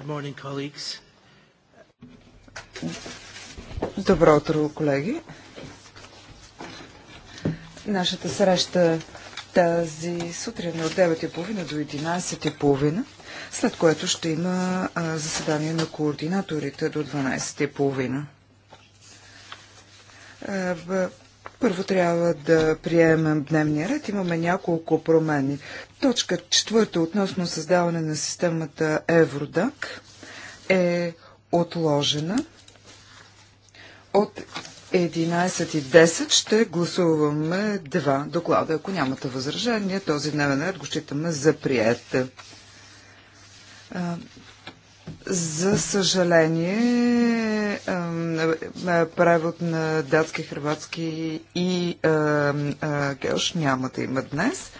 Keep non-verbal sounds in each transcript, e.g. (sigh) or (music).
Good morning, colleagues. Добро утро, колеги. Нашата среща тази сутрин от 9.30 до 11.30, след което ще има заседание на координаторите до 12.30. Първо трябва да приемем дневния ред. Имаме няколко промени. Точка четвърта относно създаване на системата Евродак е отложена. От 11.10 ще гласуваме два доклада. Ако нямате възражение, този дневен ред го считаме за прият. За съжаление, е, е, превод на датски, хрватски и е, гелш няма да има днес.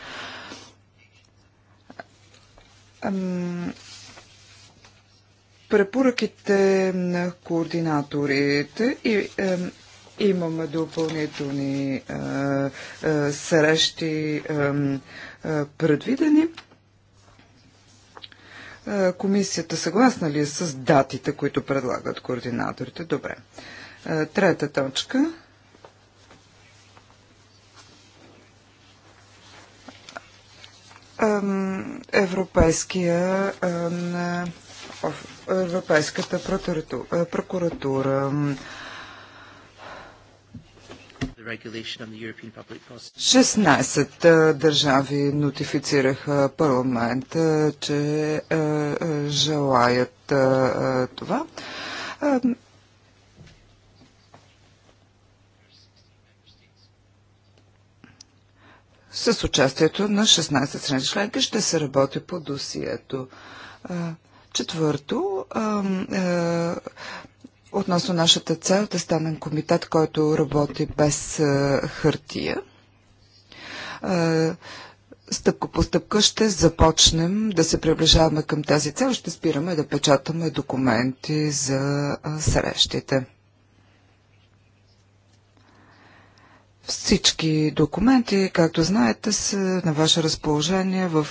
Препоръките на координаторите и имаме допълнителни срещи предвидени. Е, комисията съгласна ли е с датите, които предлагат координаторите? Добре. Е, трета точка. Европейския Европейската е, прокуратура, 16 държави нотифицираха парламента, че желаят това. С участието на 16 страни членки ще се работи по досието. Четвърто, относно нашата цел да станем комитет, който работи без е, хартия е, стъпка по стъпка ще започнем да се приближаваме към тази цел. Ще спираме да печатаме документи за е, срещите. Всички документи, както знаете, са на ваше разположение в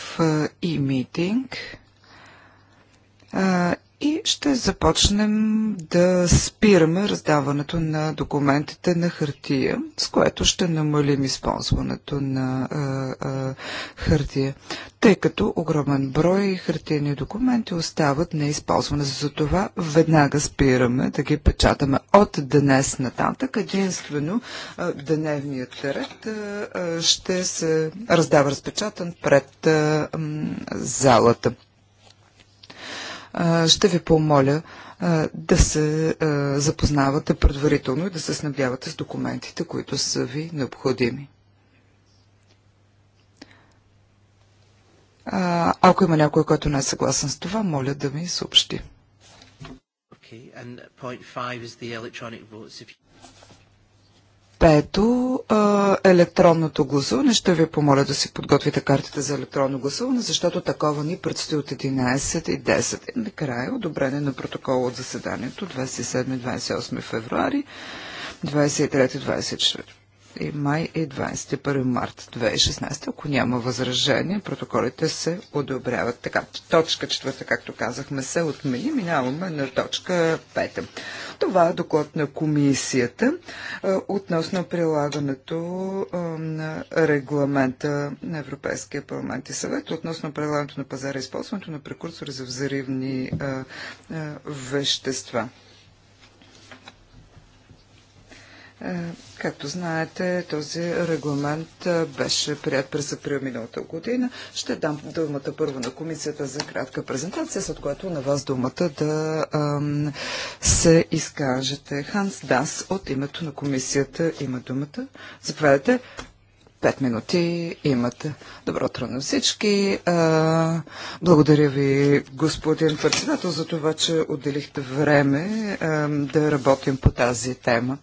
e-meeting и ще започнем да спираме раздаването на документите на хартия, с което ще намалим използването на а, а, хартия, тъй като огромен брой хартиени документи остават неизползвани. За това веднага спираме да ги печатаме от днес нататък. Единствено а, дневният ред а, ще се раздава разпечатан пред а, м, залата ще ви помоля да се запознавате предварително и да се снабдявате с документите, които са ви необходими. ако има някой, който не е съгласен с това, моля да ми съобщи. Пето, електронното гласуване. Ще ви помоля да си подготвите картите за електронно гласуване, защото такова ни предстои от 11 и 10. накрая одобрение на протокол от заседанието 27-28 февруари, 23-24 и май и 21 март 2016. Ако няма възражение, протоколите се одобряват. Така, точка четвърта, както казахме, се отмени. Минаваме на точка пета. Това е доклад на комисията относно прилагането на регламента на Европейския парламент и съвет, относно прилагането на пазара и използването на прекурсори за взривни вещества. Е, както знаете, този регламент е, беше прият през април миналата година. Ще дам думата първо на комисията за кратка презентация, след което на вас думата да ам, се изкажете. Ханс Дас от името на комисията има думата. Заповядайте. Пет минути имате. Добро утро на всички. А, е, благодаря ви, господин председател, за това, че отделихте време а, да работим по тази тема.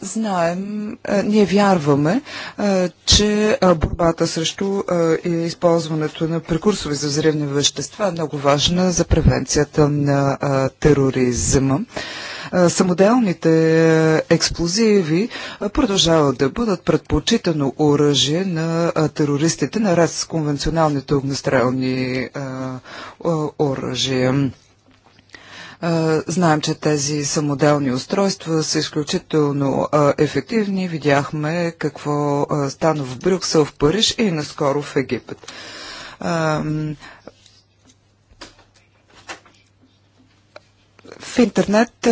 Знаем, ние вярваме, че борбата срещу използването на прекурсови за взривни вещества е много важна за превенцията на тероризма самоделните експлозиви продължават да бъдат предпочитано оръжие на терористите наред с конвенционалните огнестрелни оръжия. Знаем, че тези самоделни устройства са изключително ефективни. Видяхме какво стана в Брюксел, в Париж и наскоро в Египет. в интернет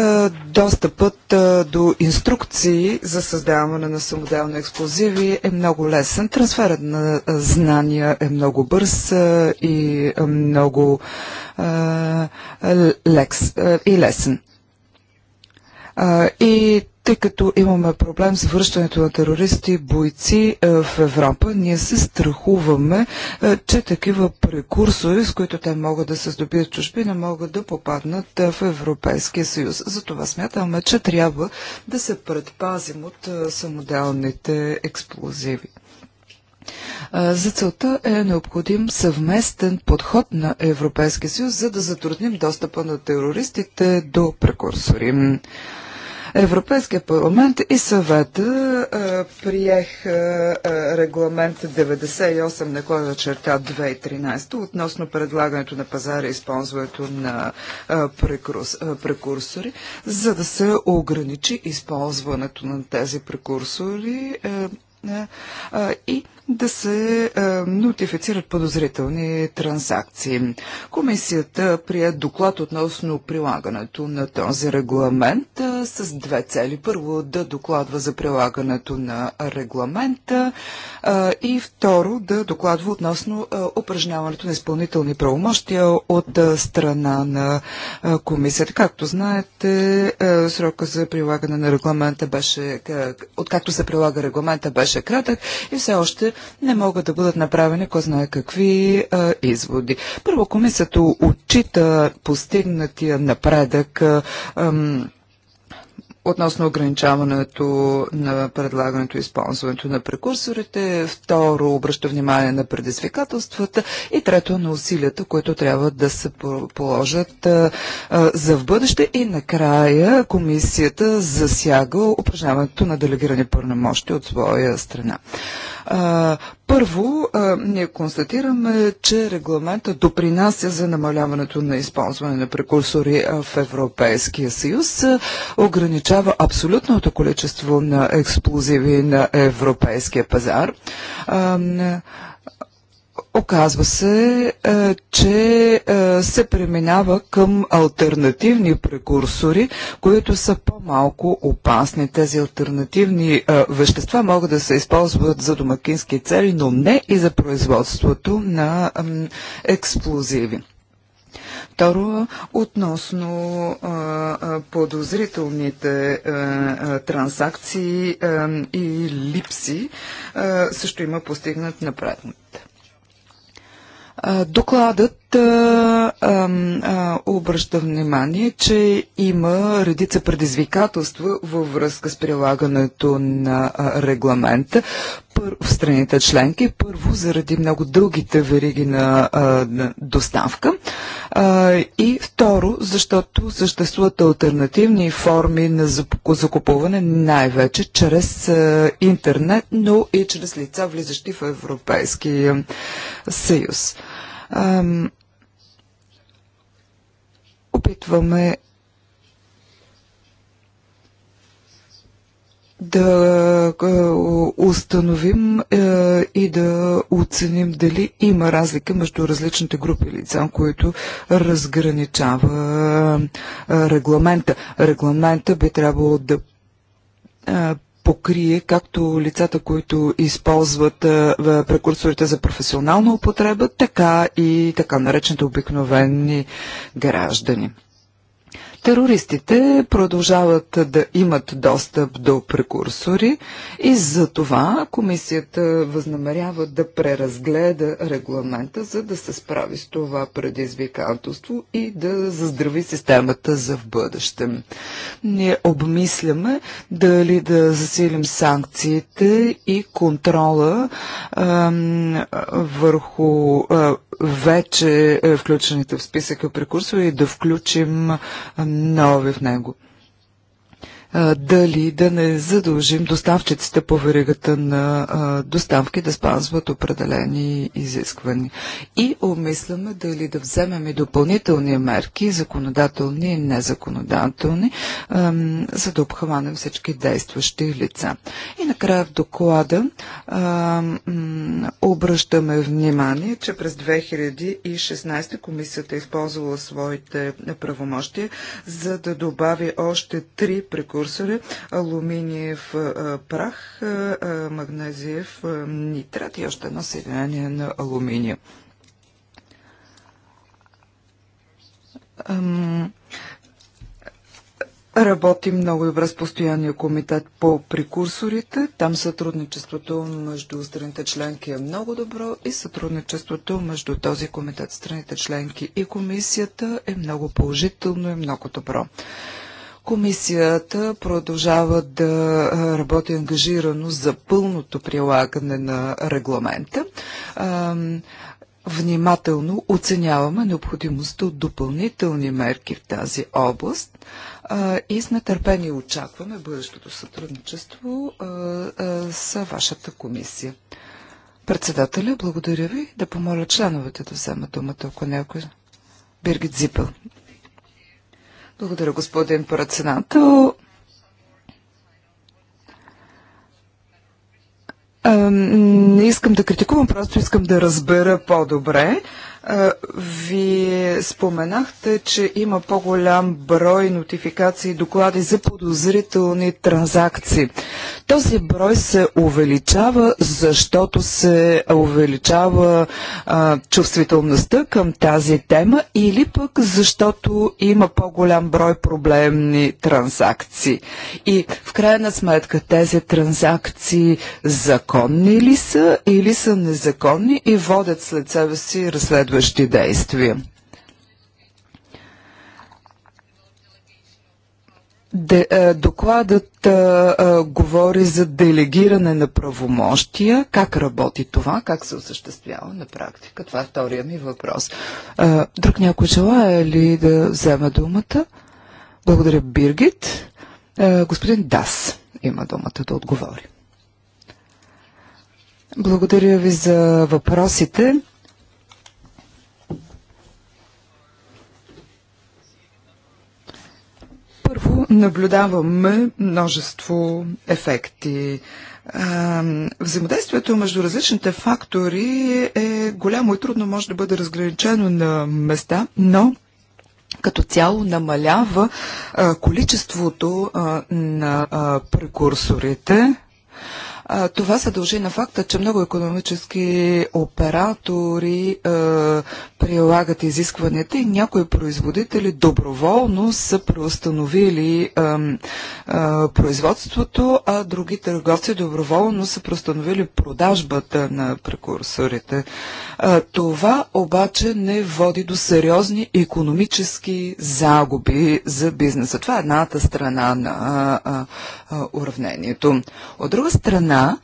достъпът до инструкции за създаване на самоделни експлозиви е много лесен. Трансферът на знания е много бърз и много лекс и лесен. И тъй като имаме проблем с връщането на терористи и бойци е, в Европа, ние се страхуваме, е, че такива прекурсори, с които те могат да се здобият чужбина, могат да попаднат е, в Европейския съюз. Затова смятаме, че трябва да се предпазим от самоделните експлозиви. За целта е необходим съвместен подход на Европейския съюз, за да затрудним достъпа на терористите до прекурсори. Европейския парламент и съвета а, приех а, регламент 98 на кой черта 2013 относно предлагането на пазара и използването на а, прекурс, а, прекурсори, за да се ограничи използването на тези прекурсори а, а, и да се е, нотифицират подозрителни транзакции. Комисията прие доклад относно прилагането на този регламент е, с две цели. Първо да докладва за прилагането на регламента е, и второ да докладва относно е, упражняването на изпълнителни правомощия от е, страна на е, комисията. Както знаете, е, срока за прилагане на регламента беше, е, откакто се прилага регламента беше кратък и все още не могат да бъдат направени кой знае какви а, изводи. Първо, комисията отчита постигнатия напредък. А, ам, относно ограничаването на предлагането и използването на прекурсорите, второ обръща внимание на предизвикателствата и трето на усилията, които трябва да се положат а, за в бъдеще и накрая комисията засяга упражняването на делегирани пълномощи от своя страна. Първо, ние констатираме, че регламента допринася за намаляването на използване на прекурсори в Европейския съюз, ограничава абсолютното количество на експлозиви на европейския пазар. Оказва се, е, че е, се преминава към альтернативни прекурсори, които са по-малко опасни. Тези альтернативни е, вещества могат да се използват за домакински цели, но не и за производството на експлозиви. Второ, относно а, подозрителните а, транзакции а, и липси, а, също има постигнат напреднат. Докладът а, а, обръща внимание, че има редица предизвикателства във връзка с прилагането на регламента в страните членки. Първо, заради много дългите вериги на, а, на доставка. И второ, защото съществуват альтернативни форми на закупуване, най-вече чрез интернет, но и чрез лица, влизащи в Европейския съюз опитваме да установим и да оценим дали има разлика между различните групи лица, които разграничава регламента. Регламента би трябвало да покрие както лицата, които използват е, е, прекурсорите за професионална употреба, така и така наречените обикновени граждани. Терористите продължават да имат достъп до прекурсори и за това комисията възнамерява да преразгледа регламента, за да се справи с това предизвикателство и да заздрави системата за в бъдеще. Ние обмисляме дали да засилим санкциите и контрола ам, върху а, вече е, включените в списъка прекурсори и да включим нови в него дали да не задължим доставчиците по веригата на доставки да спазват определени изисквания. И обмисляме дали да вземем и допълнителни мерки, законодателни и незаконодателни, за да обхванем всички действащи лица. И накрая в доклада обръщаме внимание, че през 2016 комисията е използвала своите правомощия, за да добави още три прекурсии прекурсори, алуминиев прах, магнезиев нитрат и още едно съединение на алуминия. Работим много добре с постоянния комитет по прекурсорите. Там сътрудничеството между страните членки е много добро и сътрудничеството между този комитет, страните членки и комисията е много положително и много добро. Комисията продължава да работи ангажирано за пълното прилагане на регламента. Внимателно оценяваме необходимостта от допълнителни мерки в тази област и с нетърпение очакваме бъдещото сътрудничество с вашата комисия. Председателя, благодаря ви. Да помоля членовете да вземат думата, ако някой. Биргит Зипел. Благодаря, господин председател. Не искам да критикувам, просто искам да разбера по-добре. Вие споменахте, че има по-голям брой нотификации и доклади за подозрителни транзакции. Този брой се увеличава, защото се увеличава а, чувствителността към тази тема или пък защото има по-голям брой проблемни транзакции. И в крайна сметка тези транзакции законни ли са или са незаконни и водят след себе си разследване? последващи действия. Де, е, докладът а, е, а, е, говори за делегиране на правомощия. Как работи това? Как се осъществява на практика? Това е втория ми въпрос. А, друг някой желая ли да вземе думата? Благодаря, Биргит. А, господин Дас има думата да отговори. Благодаря ви за въпросите. Първо, наблюдаваме множество ефекти. Взаимодействието между различните фактори е голямо и трудно може да бъде разграничено на места, но като цяло намалява количеството на прекурсорите. А, това се дължи на факта, че много економически оператори а, е, прилагат изискванията и някои производители доброволно са преустановили а, а, производството, а други търговци доброволно са преустановили продажбата на прекурсорите. А, това обаче не води до сериозни економически загуби за бизнеса. Това е едната страна на а, а, уравнението. От друга страна, страна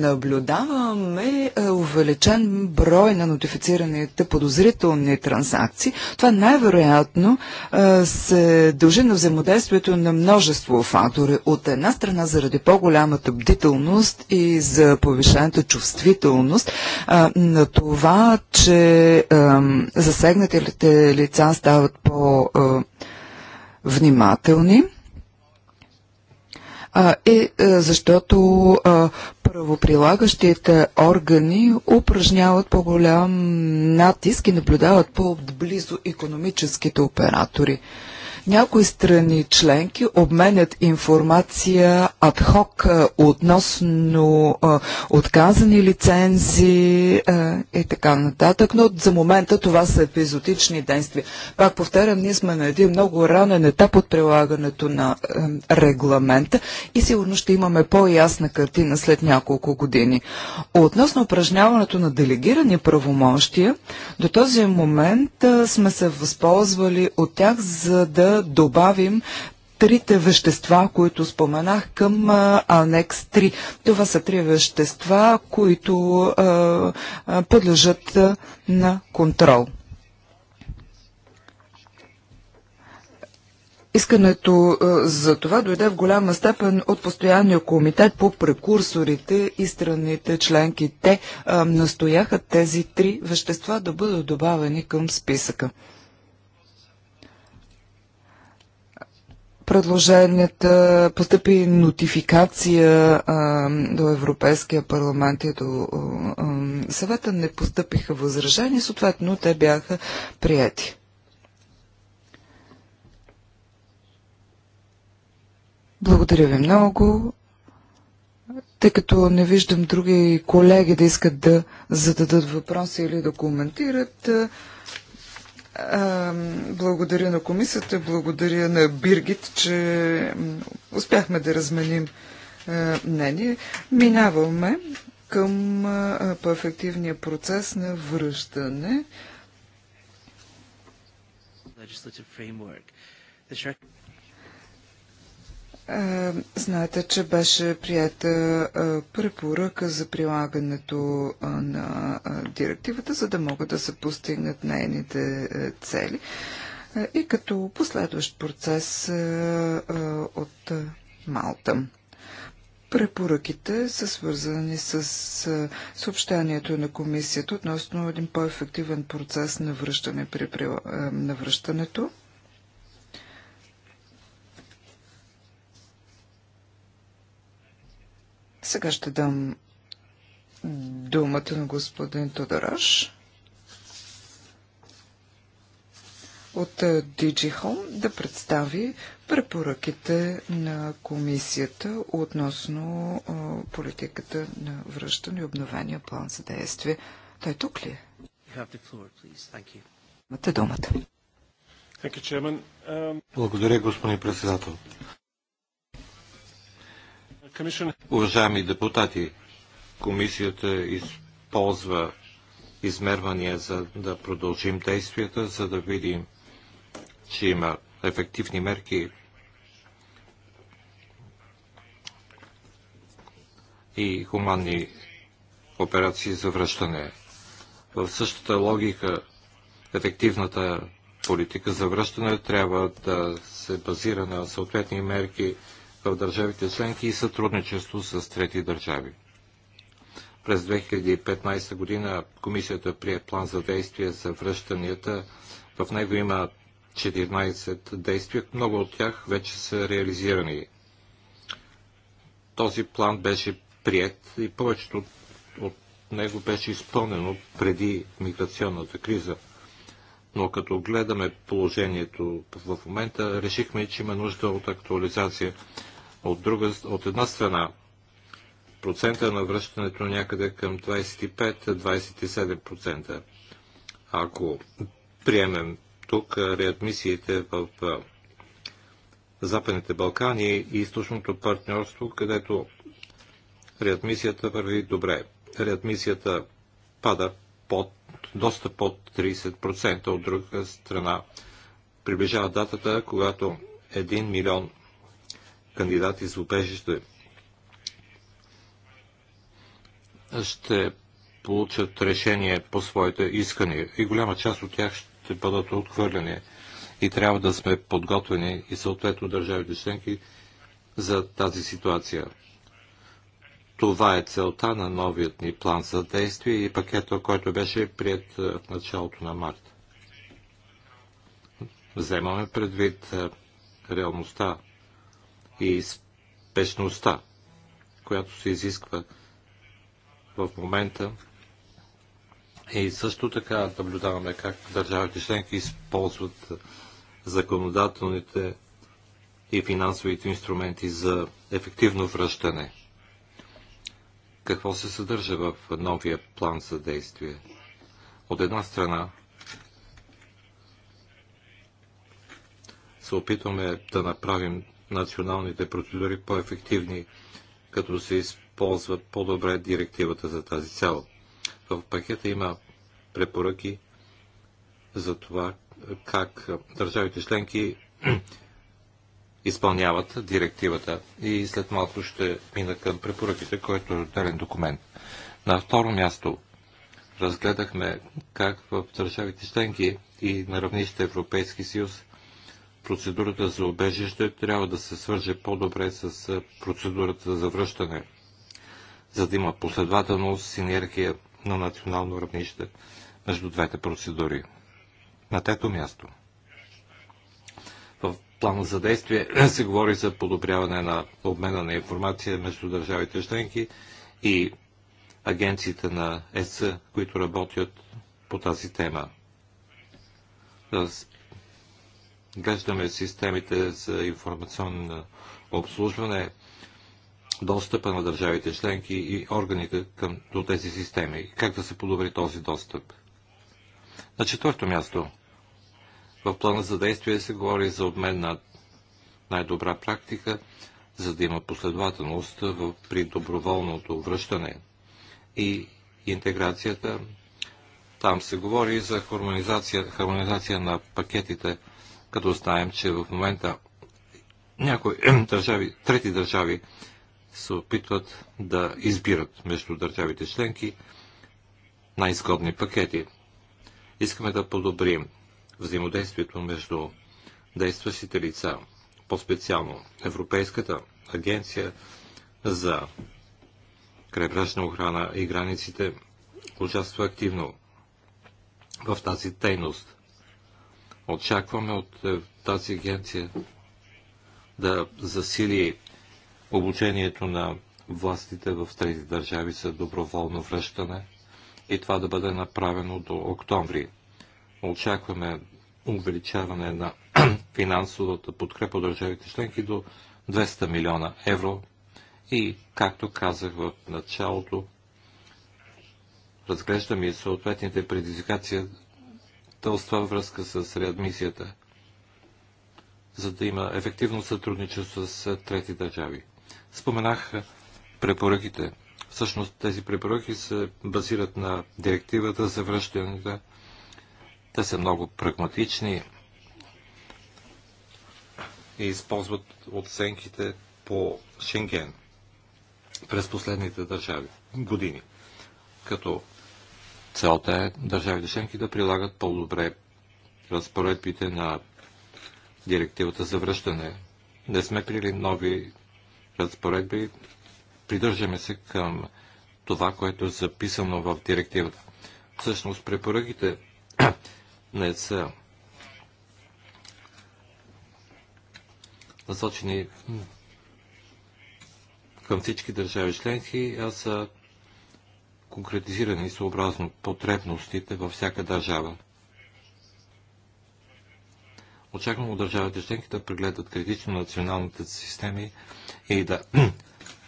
наблюдаваме е, увеличен брой на нотифицираните подозрителни транзакции. Това най-вероятно е, се дължи на взаимодействието на множество фактори. От една страна заради по-голямата бдителност и за повишената чувствителност е, на това, че засегнатите лица стават по-внимателни. Е, е защото правоприлагащите органи упражняват по-голям натиск и наблюдават по-близо економическите оператори. Някои страни членки обменят информация адхок е, относно е, отказани лицензи е, и така нататък, но за момента това са епизодични действия. Пак повтарям, ние сме на един много ранен етап от прилагането на регламента и сигурно ще имаме по-ясна картина след няколко години. Относно упражняването на делегирани правомощия, до този момент сме се възползвали от тях, за да да добавим трите вещества, които споменах към анекс 3. Това са три вещества, които подлежат на контрол. Искането за това дойде в голяма степен от постоянния комитет по прекурсорите и страните членки. Те настояха тези три вещества да бъдат добавени към списъка. предложенията, постъпи нотификация а, до Европейския парламент и до а, съвета, не постъпиха възражения, съответно те бяха прияти. Благодаря ви много. Тъй като не виждам други колеги да искат да зададат въпроси или да коментират, благодаря на комисията, благодаря на Биргит, че успяхме да разменим мнение. Минаваме към по-ефективния процес на връщане. Е, знаете, че беше прията е, препоръка за прилагането е, на директивата, за да могат да се постигнат нейните цели. И като последващ процес от Малта. Препоръките са свързани с съобщението на комисията относно един по-ефективен процес на, връщане при, на връщането Сега ще дам думата на господин Тодораш от е, DigiHome да представи препоръките на комисията относно е, политиката на връщане и обновения план за действие. Той тук ли е? Имате думата. Благодаря, господин председател. Уважаеми депутати, комисията използва измервания, за да продължим действията, за да видим, че има ефективни мерки и хуманни операции за връщане. В същата логика ефективната политика за връщане трябва да се базира на съответни мерки в държавите членки и сътрудничество с трети държави. През 2015 година комисията прие план за действие за връщанията. В него има 14 действия. Много от тях вече са реализирани. Този план беше прият и повечето от него беше изпълнено преди миграционната криза. Но като гледаме положението в момента, решихме, че има нужда от актуализация от, друга, от една страна, процента на връщането някъде към 25-27%. Ако приемем тук реадмисиите в Западните Балкани и източното партньорство, където реадмисията върви добре. Реадмисията пада под, доста под 30%. От друга страна, приближава датата, когато 1 милион кандидати за убежище ще получат решение по своите искания и голяма част от тях ще бъдат отхвърлени и трябва да сме подготвени и съответно държавите членки за тази ситуация. Това е целта на новият ни план за действие и пакета, който беше прият е, в началото на март. Вземаме предвид е, реалността и спешността, която се изисква в момента. И също така наблюдаваме как държавите членки използват законодателните и финансовите инструменти за ефективно връщане. Какво се съдържа в новия план за действие? От една страна се опитваме да направим националните процедури по-ефективни, като се използва по-добре директивата за тази цел. В пакета има препоръки за това как държавите членки (clears throat) изпълняват директивата. И след малко ще мина към препоръките, който е отделен документ. На второ място разгледахме как в държавите членки и на равнище Европейски съюз процедурата за убежище трябва да се свърже по-добре с процедурата за връщане, за да има последователност, синергия на национално равнище между двете процедури. На трето място. В плана за действие (clears throat) се говори за подобряване на обмена на информация между държавите членки и агенциите на ЕС, които работят по тази тема. Глеждаме системите за информационно обслужване, достъпа на държавите членки и органите към, до тези системи. Как да се подобри този достъп? На четвърто място, в плана за действие се говори за обмен на най-добра практика, за да има последователност при доброволното връщане и интеграцията. Там се говори за хармонизация, хармонизация на пакетите като знаем, че в момента някои (clears throat) държави, трети държави се опитват да избират между държавите членки най-изгодни пакети. Искаме да подобрим взаимодействието между действащите лица, по-специално Европейската агенция за крайбрежна охрана и границите участва активно в тази дейност. Очакваме от е, тази агенция да засили обучението на властите в трети държави за доброволно връщане и това да бъде направено до октомври. Очакваме увеличаване на (clears throat) финансовата подкрепа от държавите членки до 200 милиона евро и, както казах в началото, разглеждаме и съответните предизвикация, тълства връзка с реадмисията, за да има ефективно сътрудничество с трети държави. Споменах препоръките. Всъщност тези препоръки се базират на директивата за връщането. Те са много прагматични и използват оценките по Шенген през последните държави години. Като Целта е държавите членки да прилагат по-добре разпоредбите на директивата за връщане. Не сме прили нови разпоредби. Придържаме се към това, което е записано в директивата. Всъщност препоръките (clears throat) не са насочени към всички държави членки, а са конкретизирани съобразно потребностите във всяка държава. Очаквам от държавите членки да прегледат критично националните системи и да (clears throat)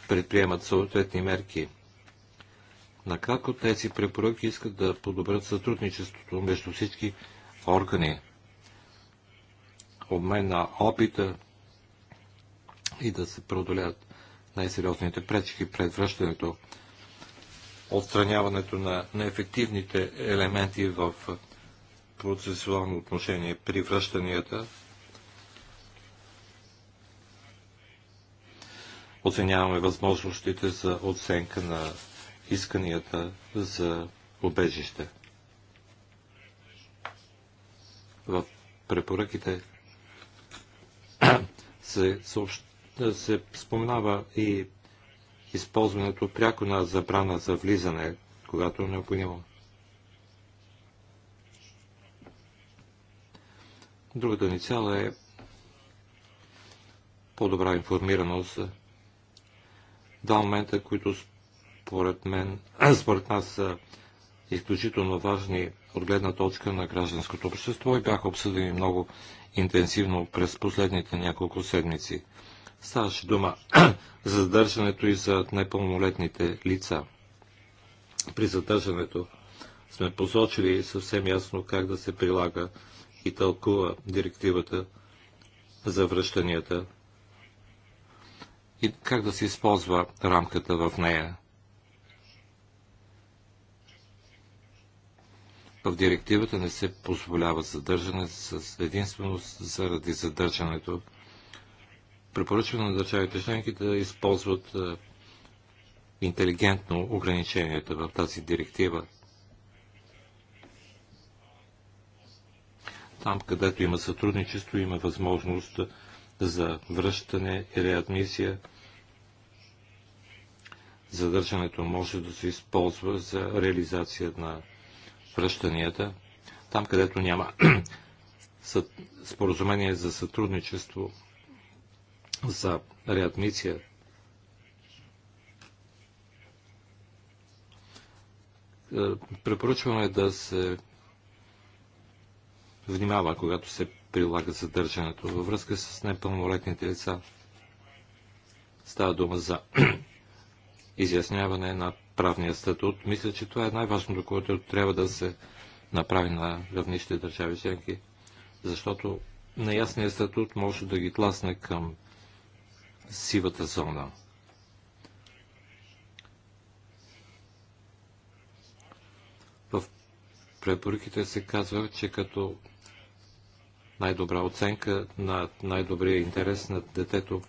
предприемат съответни мерки. Накратко тези препоръки искат да подобрят сътрудничеството между всички органи, обмен на опита и да се преодолят най-сериозните пречки пред връщането отстраняването на неефективните елементи в процесуално отношение при връщанията. Оценяваме възможностите за оценка на исканията за обежище. В препоръките се, съобщ... се споменава и използването пряко на забрана за влизане, когато е необходимо. Другата ни цяло е по-добра информираност. Два момента, които според, мен, (clears throat) според нас са изключително важни от гледна точка на гражданското общество и бяха обсъдени много интенсивно през последните няколко седмици. Ставаше дума (clears throat) за задържането и за непълнолетните лица. При задържането сме посочили съвсем ясно как да се прилага и тълкува директивата за връщанията и как да се използва рамката в нея. В директивата не се позволява задържане с единственост заради задържането препоръчвам на държавите членки да използват е, интелигентно ограниченията в тази директива. Там, където има сътрудничество, има възможност за връщане и реадмисия. Задържането може да се използва за реализация на връщанията. Там, където няма (clears throat) споразумение за сътрудничество, за реадмиция. Е, препоръчваме да се внимава, когато се прилага задържането във връзка с непълнолетните лица. Става дума за (clears throat) изясняване на правния статут. Мисля, че това е най-важното, което трябва да се направи на равнище държави членки, защото неясният статут може да ги тласне към сивата зона. В препоръките се казва, че като най-добра оценка на най-добрия интерес на детето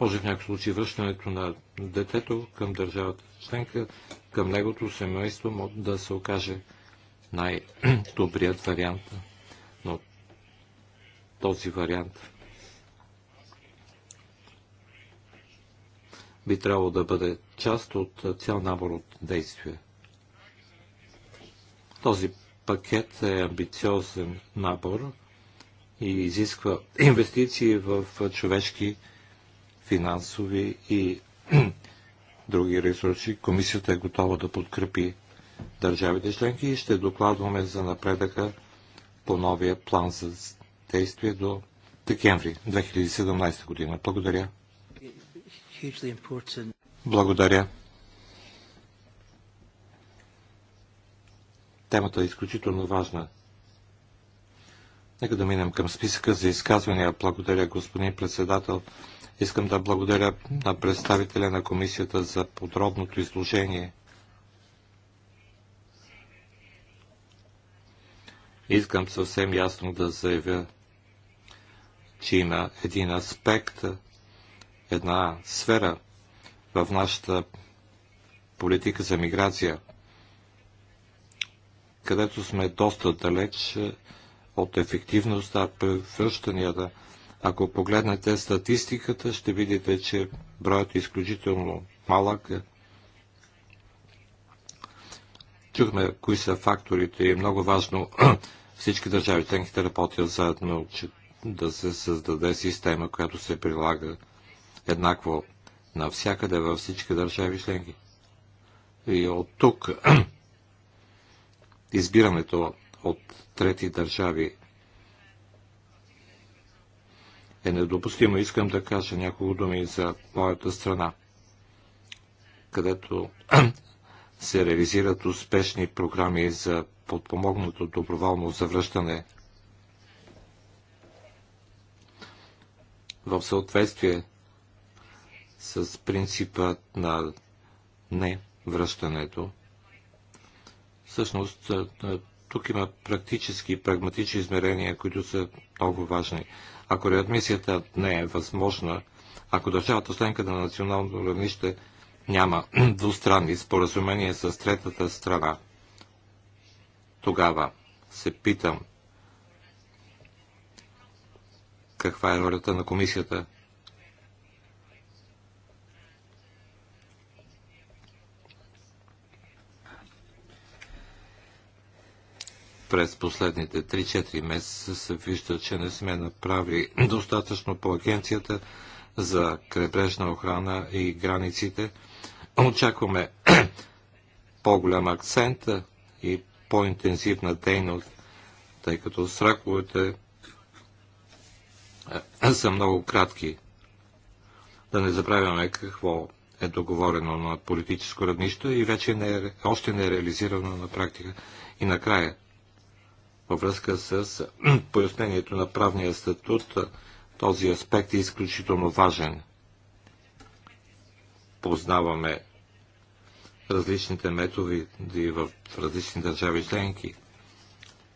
може в някакъв случай връщането на детето към държавата членка, към негото семейство може да се окаже най-добрият вариант. Но този вариант би трябвало да бъде част от цял набор от действия. Този пакет е амбициозен набор и изисква (clears throat) инвестиции в човешки, финансови и (clears throat) други ресурси. Комисията е готова да подкрепи държавите членки и ще докладваме за напредъка по новия план за действие до декември 2017 година. Благодаря. Благодаря. Темата е изключително важна. Нека да минем към списъка за изказвания. Благодаря, господин председател. Искам да благодаря на представителя на комисията за подробното изложение. Искам съвсем ясно да заявя, че има един аспект – една сфера в нашата политика за миграция, където сме доста далеч е, от ефективността при връщанията. Ако погледнете статистиката, ще видите, че броят е изключително малък. Чухме кои са факторите и е много важно (clears throat) всички държави членки да работят заедно, че да се създаде система, която се прилага еднакво навсякъде във всички държави членки. И от тук (clears throat) избирането от трети държави е недопустимо. Искам да кажа няколко думи за моята страна, където (clears throat) се реализират успешни програми за подпомогнато доброволно завръщане в съответствие с принципа на не връщането. Всъщност, е, е, тук има практически и прагматични измерения, които са много важни. Ако реадмисията не е възможна, ако държавата членка на национално равнище няма (clears throat) двустранни споразумения с третата страна, тогава се питам каква е ролята на комисията през последните 3-4 месеца се вижда, че не сме направили (clears throat) достатъчно по агенцията за крепрежна охрана и границите. Очакваме (clears throat) по-голям акцент и по-интензивна дейност, тъй като сроковете (clears throat) са много кратки. Да не забравяме какво е договорено на политическо равнище и вече не е, още не е реализирано на практика. И накрая, във връзка с (clears throat) пояснението на правния статут. Този аспект е изключително важен. Познаваме различните методи в различни държави членки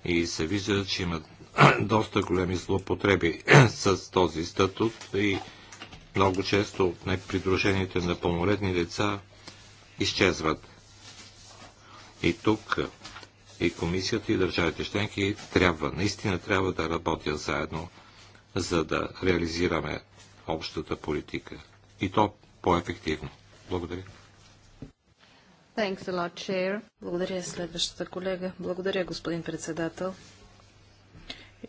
и се вижда, че имат (clears throat) доста големи злоупотреби (clears throat) с този статут и много често от непридружените пълнолетни деца изчезват. И тук и комисията и държавите членки трябва, наистина трябва да работят заедно, за да реализираме общата политика. И то по-ефективно. Благодаря. Lot, Благодаря следващата колега. Благодаря, господин председател.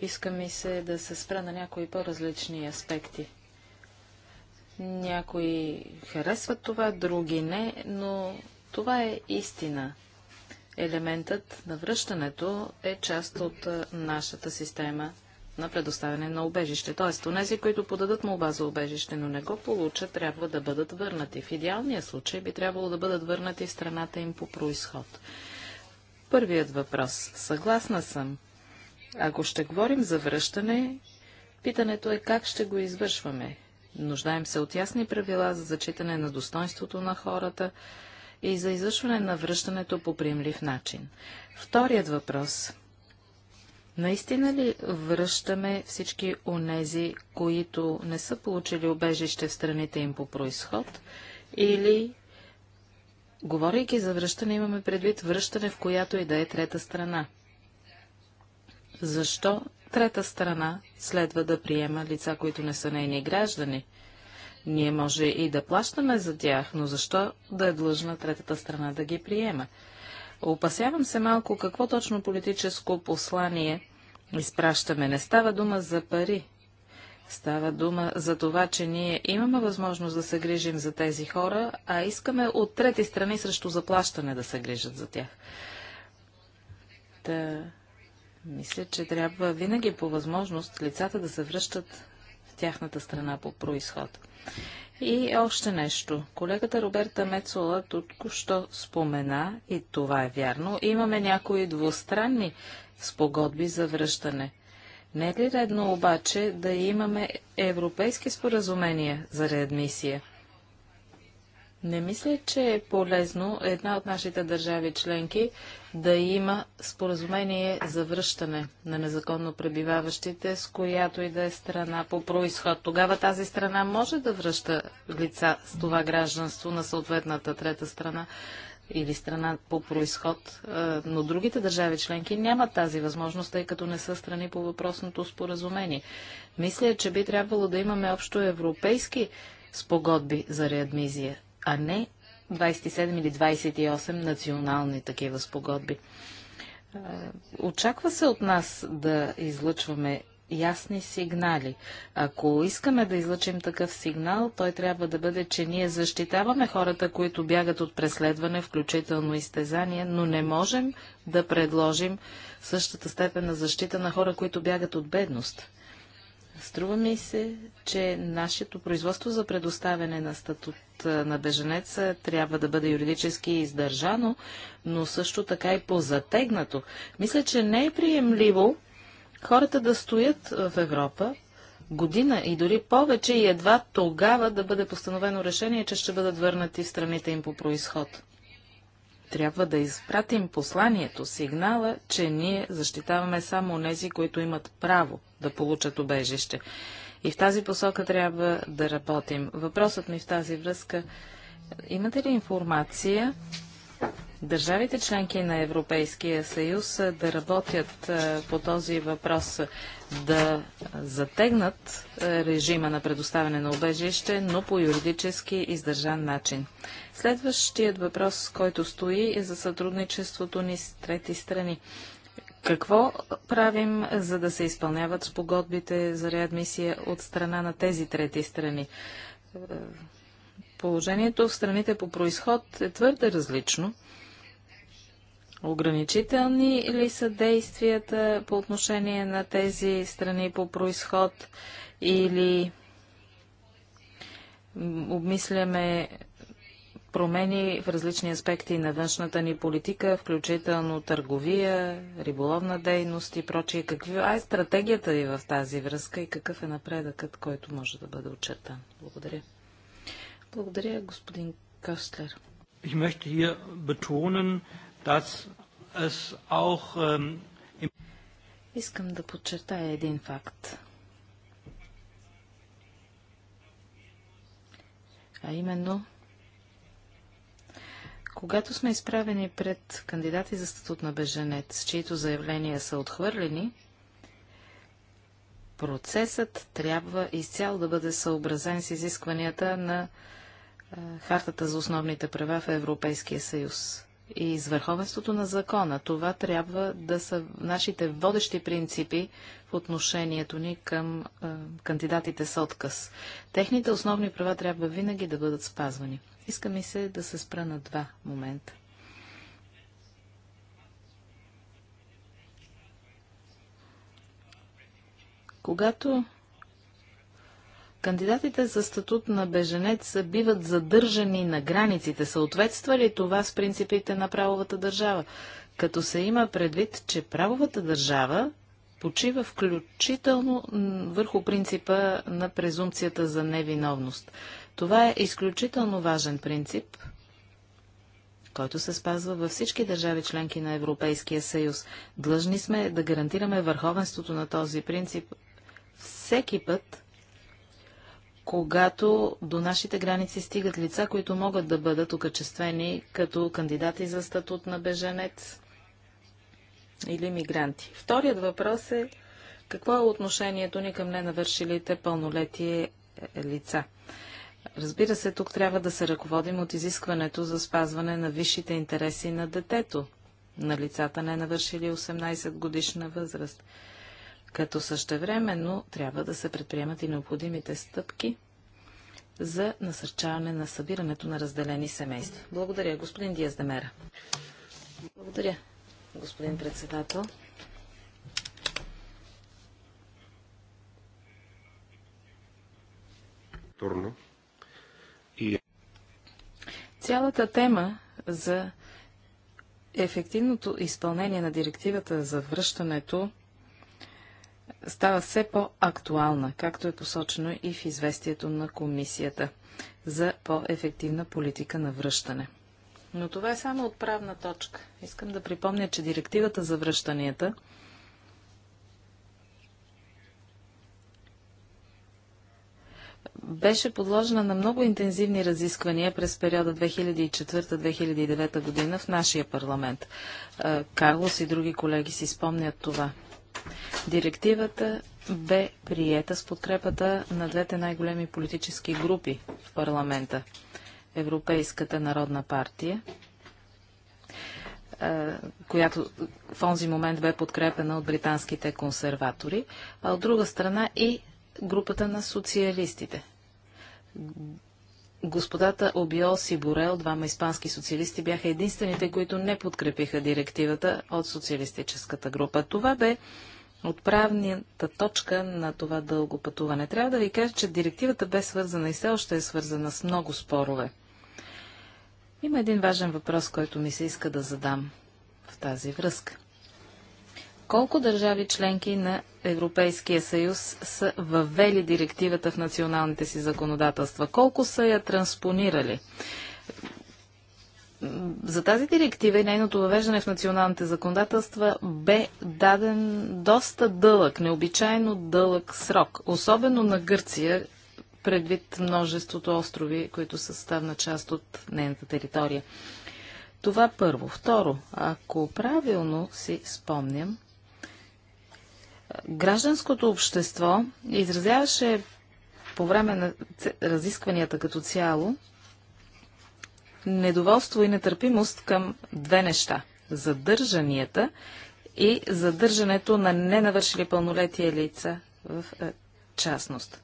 Иска ми се да се спра на някои по-различни аспекти. Някои харесват това, други не, но това е истина елементът на връщането е част от нашата система на предоставяне на убежище. Т.е. онези, които подадат молба за убежище, но не го получат, трябва да бъдат върнати. В идеалния случай би трябвало да бъдат върнати в страната им по происход. Първият въпрос. Съгласна съм. Ако ще говорим за връщане, питането е как ще го извършваме. Нуждаем се от ясни правила за зачитане на достоинството на хората, и за извършване на връщането по приемлив начин. Вторият въпрос. Наистина ли връщаме всички онези, които не са получили обежище в страните им по происход, или Говорейки за връщане, имаме предвид връщане в която и да е трета страна. Защо трета страна следва да приема лица, които не са нейни граждани? Ние може и да плащаме за тях, но защо да е длъжна третата страна да ги приема? Опасявам се малко какво точно политическо послание изпращаме. Не става дума за пари. Става дума за това, че ние имаме възможност да се грижим за тези хора, а искаме от трети страни срещу заплащане да се грижат за тях. Та, мисля, че трябва винаги по възможност лицата да се връщат в тяхната страна по происход. И още нещо. Колегата Роберта Мецола току-що спомена, и това е вярно, имаме някои двустранни спогодби за връщане. Не е ли редно обаче да имаме европейски споразумения за реадмисия? Не мисля, че е полезно една от нашите държави членки да има споразумение за връщане на незаконно пребиваващите, с която и да е страна по происход. Тогава тази страна може да връща лица с това гражданство на съответната трета страна или страна по происход, но другите държави членки нямат тази възможност, тъй като не са страни по въпросното споразумение. Мисля, че би трябвало да имаме общо европейски спогодби за реадмизия а не 27 или 28 национални такива спогодби. Очаква се от нас да излъчваме ясни сигнали. Ако искаме да излъчим такъв сигнал, той трябва да бъде, че ние защитаваме хората, които бягат от преследване, включително изтезание, но не можем да предложим същата степен на защита на хора, които бягат от бедност. Струва ми се, че нашето производство за предоставяне на статут на беженеца трябва да бъде юридически издържано, но също така и позатегнато. Мисля, че не е приемливо хората да стоят в Европа година и дори повече и едва тогава да бъде постановено решение, че ще бъдат върнати в страните им по происход. Трябва да изпратим посланието, сигнала, че ние защитаваме само нези, които имат право да получат обежище. И в тази посока трябва да работим. Въпросът ми в тази връзка, имате ли информация държавите членки на Европейския съюз да работят по този въпрос, да затегнат режима на предоставяне на убежище, но по юридически издържан начин. Следващият въпрос, който стои, е за сътрудничеството ни с трети страни. Какво правим, за да се изпълняват спогодбите за реадмисия от страна на тези трети страни? Е, положението в страните по происход е твърде различно. Ограничителни ли са действията по отношение на тези страни по происход или обмисляме промени в различни аспекти на външната ни политика, включително търговия, риболовна дейност и прочие. Каква е стратегията ви в тази връзка и какъв е напредъкът, който може да бъде отчетан? Благодаря. Благодаря, господин Костлер. Ich möchte hier betonen, dass es auch ähm, Искам да подчертая един факт. А именно, когато сме изправени пред кандидати за статут на беженец, чието заявления са отхвърлени, процесът трябва изцяло да бъде съобразен с изискванията на Хартата за основните права в Европейския съюз и с върховенството на закона. Това трябва да са нашите водещи принципи в отношението ни към е, кандидатите с отказ. Техните основни права трябва винаги да бъдат спазвани. Иска ми се да се спра на два момента. Когато Кандидатите за статут на беженец биват задържани на границите. Съответства ли това с принципите на правовата държава? Като се има предвид, че правовата държава почива включително върху принципа на презумпцията за невиновност. Това е изключително важен принцип, който се спазва във всички държави членки на Европейския съюз. Длъжни сме да гарантираме върховенството на този принцип всеки път, когато до нашите граници стигат лица, които могат да бъдат окачествени като кандидати за статут на беженец или мигранти. Вторият въпрос е какво е отношението ни към ненавършилите пълнолетие е, лица? Разбира се, тук трябва да се ръководим от изискването за спазване на висшите интереси на детето, на лицата не навършили 18 годишна възраст като същевременно трябва да се предприемат и необходимите стъпки за насърчаване на събирането на разделени семейства. Благодаря, господин Диаз Демера. Благодаря, господин председател. Турно. И... Цялата тема за ефективното изпълнение на директивата за връщането става все по-актуална, както е посочено и в известието на комисията за по-ефективна политика на връщане. Но това е само отправна точка. Искам да припомня, че директивата за връщанията беше подложена на много интензивни разисквания през периода 2004-2009 година в нашия парламент. Е, Карлос и други колеги си спомнят това. Директивата бе приета с подкрепата на двете най-големи политически групи в парламента. Европейската народна партия, която в онзи момент бе подкрепена от британските консерватори, а от друга страна и групата на социалистите. Господата Обиос и Борел, двама испански социалисти, бяха единствените, които не подкрепиха директивата от социалистическата група. Това бе отправната точка на това дълго пътуване. Трябва да ви кажа, че директивата бе свързана и все още е свързана с много спорове. Има един важен въпрос, който ми се иска да задам в тази връзка – колко държави членки на Европейския съюз са въвели директивата в националните си законодателства? Колко са я транспонирали? За тази директива и нейното въвеждане в националните законодателства бе даден доста дълъг, необичайно дълъг срок, особено на Гърция, предвид множеството острови, които са ставна част от нейната територия. Това първо. Второ, ако правилно си спомням, Гражданското общество изразяваше по време на разискванията като цяло недоволство и нетърпимост към две неща – задържанията и задържането на ненавършили пълнолетие лица в е, частност.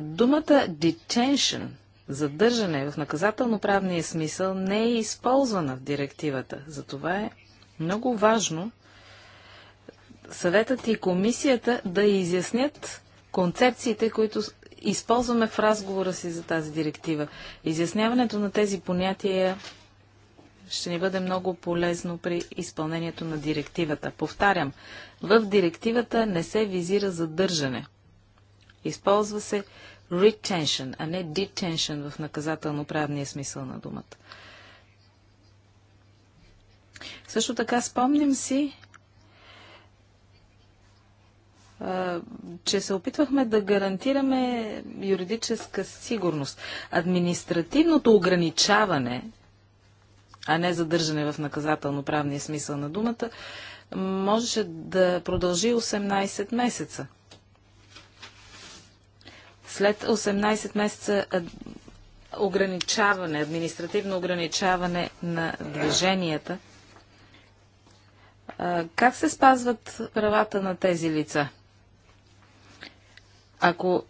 Думата detention – задържане в наказателно-правния смисъл не е използвана в директивата. Затова е много важно съветът и комисията да изяснят концепциите, които използваме в разговора си за тази директива. Изясняването на тези понятия ще ни бъде много полезно при изпълнението на директивата. Повтарям, в директивата не се визира задържане. Използва се retention, а не detention в наказателно-правния смисъл на думата. Също така спомним си, че се опитвахме да гарантираме юридическа сигурност. Административното ограничаване, а не задържане в наказателно-правния смисъл на думата, можеше да продължи 18 месеца. След 18 месеца ограничаване, административно ограничаване на движенията, как се спазват правата на тези лица? Ако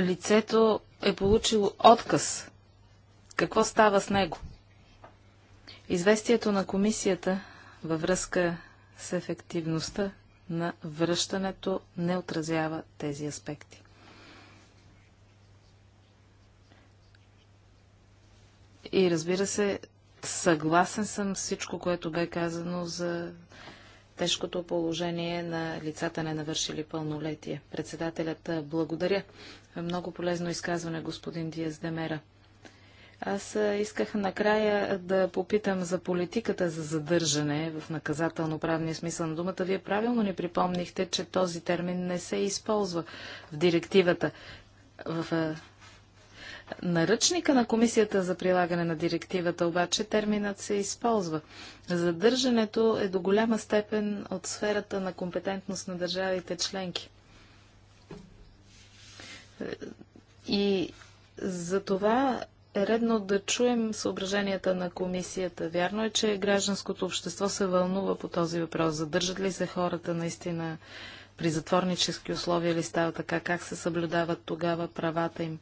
лицето е получило отказ, какво става с него? Известието на комисията във връзка с ефективността на връщането не отразява тези аспекти. И разбира се, съгласен съм всичко, което бе казано за тежкото положение на лицата не навършили пълнолетие. Председателят благодаря. Много полезно изказване, господин Диас Демера. Аз исках накрая да попитам за политиката за задържане в наказателно-правния смисъл на думата. Вие правилно ни припомнихте, че този термин не се използва в директивата. В наръчника на Комисията за прилагане на директивата обаче терминът се използва. Задържането е до голяма степен от сферата на компетентност на държавите членки. И за това е редно да чуем съображенията на комисията. Вярно е, че гражданското общество се вълнува по този въпрос. Задържат ли се хората наистина при затворнически условия ли става така, как се съблюдават тогава правата им.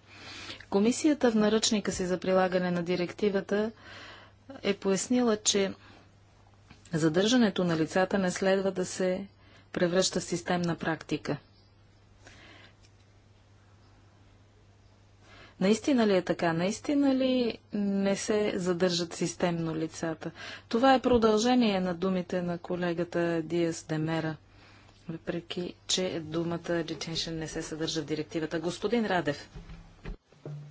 Комисията в наръчника си за прилагане на директивата е пояснила, че задържането на лицата не следва да се превръща в системна практика. Наистина ли е така? Наистина ли не се задържат системно лицата? Това е продължение на думите на колегата Диас Демера – въпреки че думата detention не се съдържа в директивата. Господин Радев.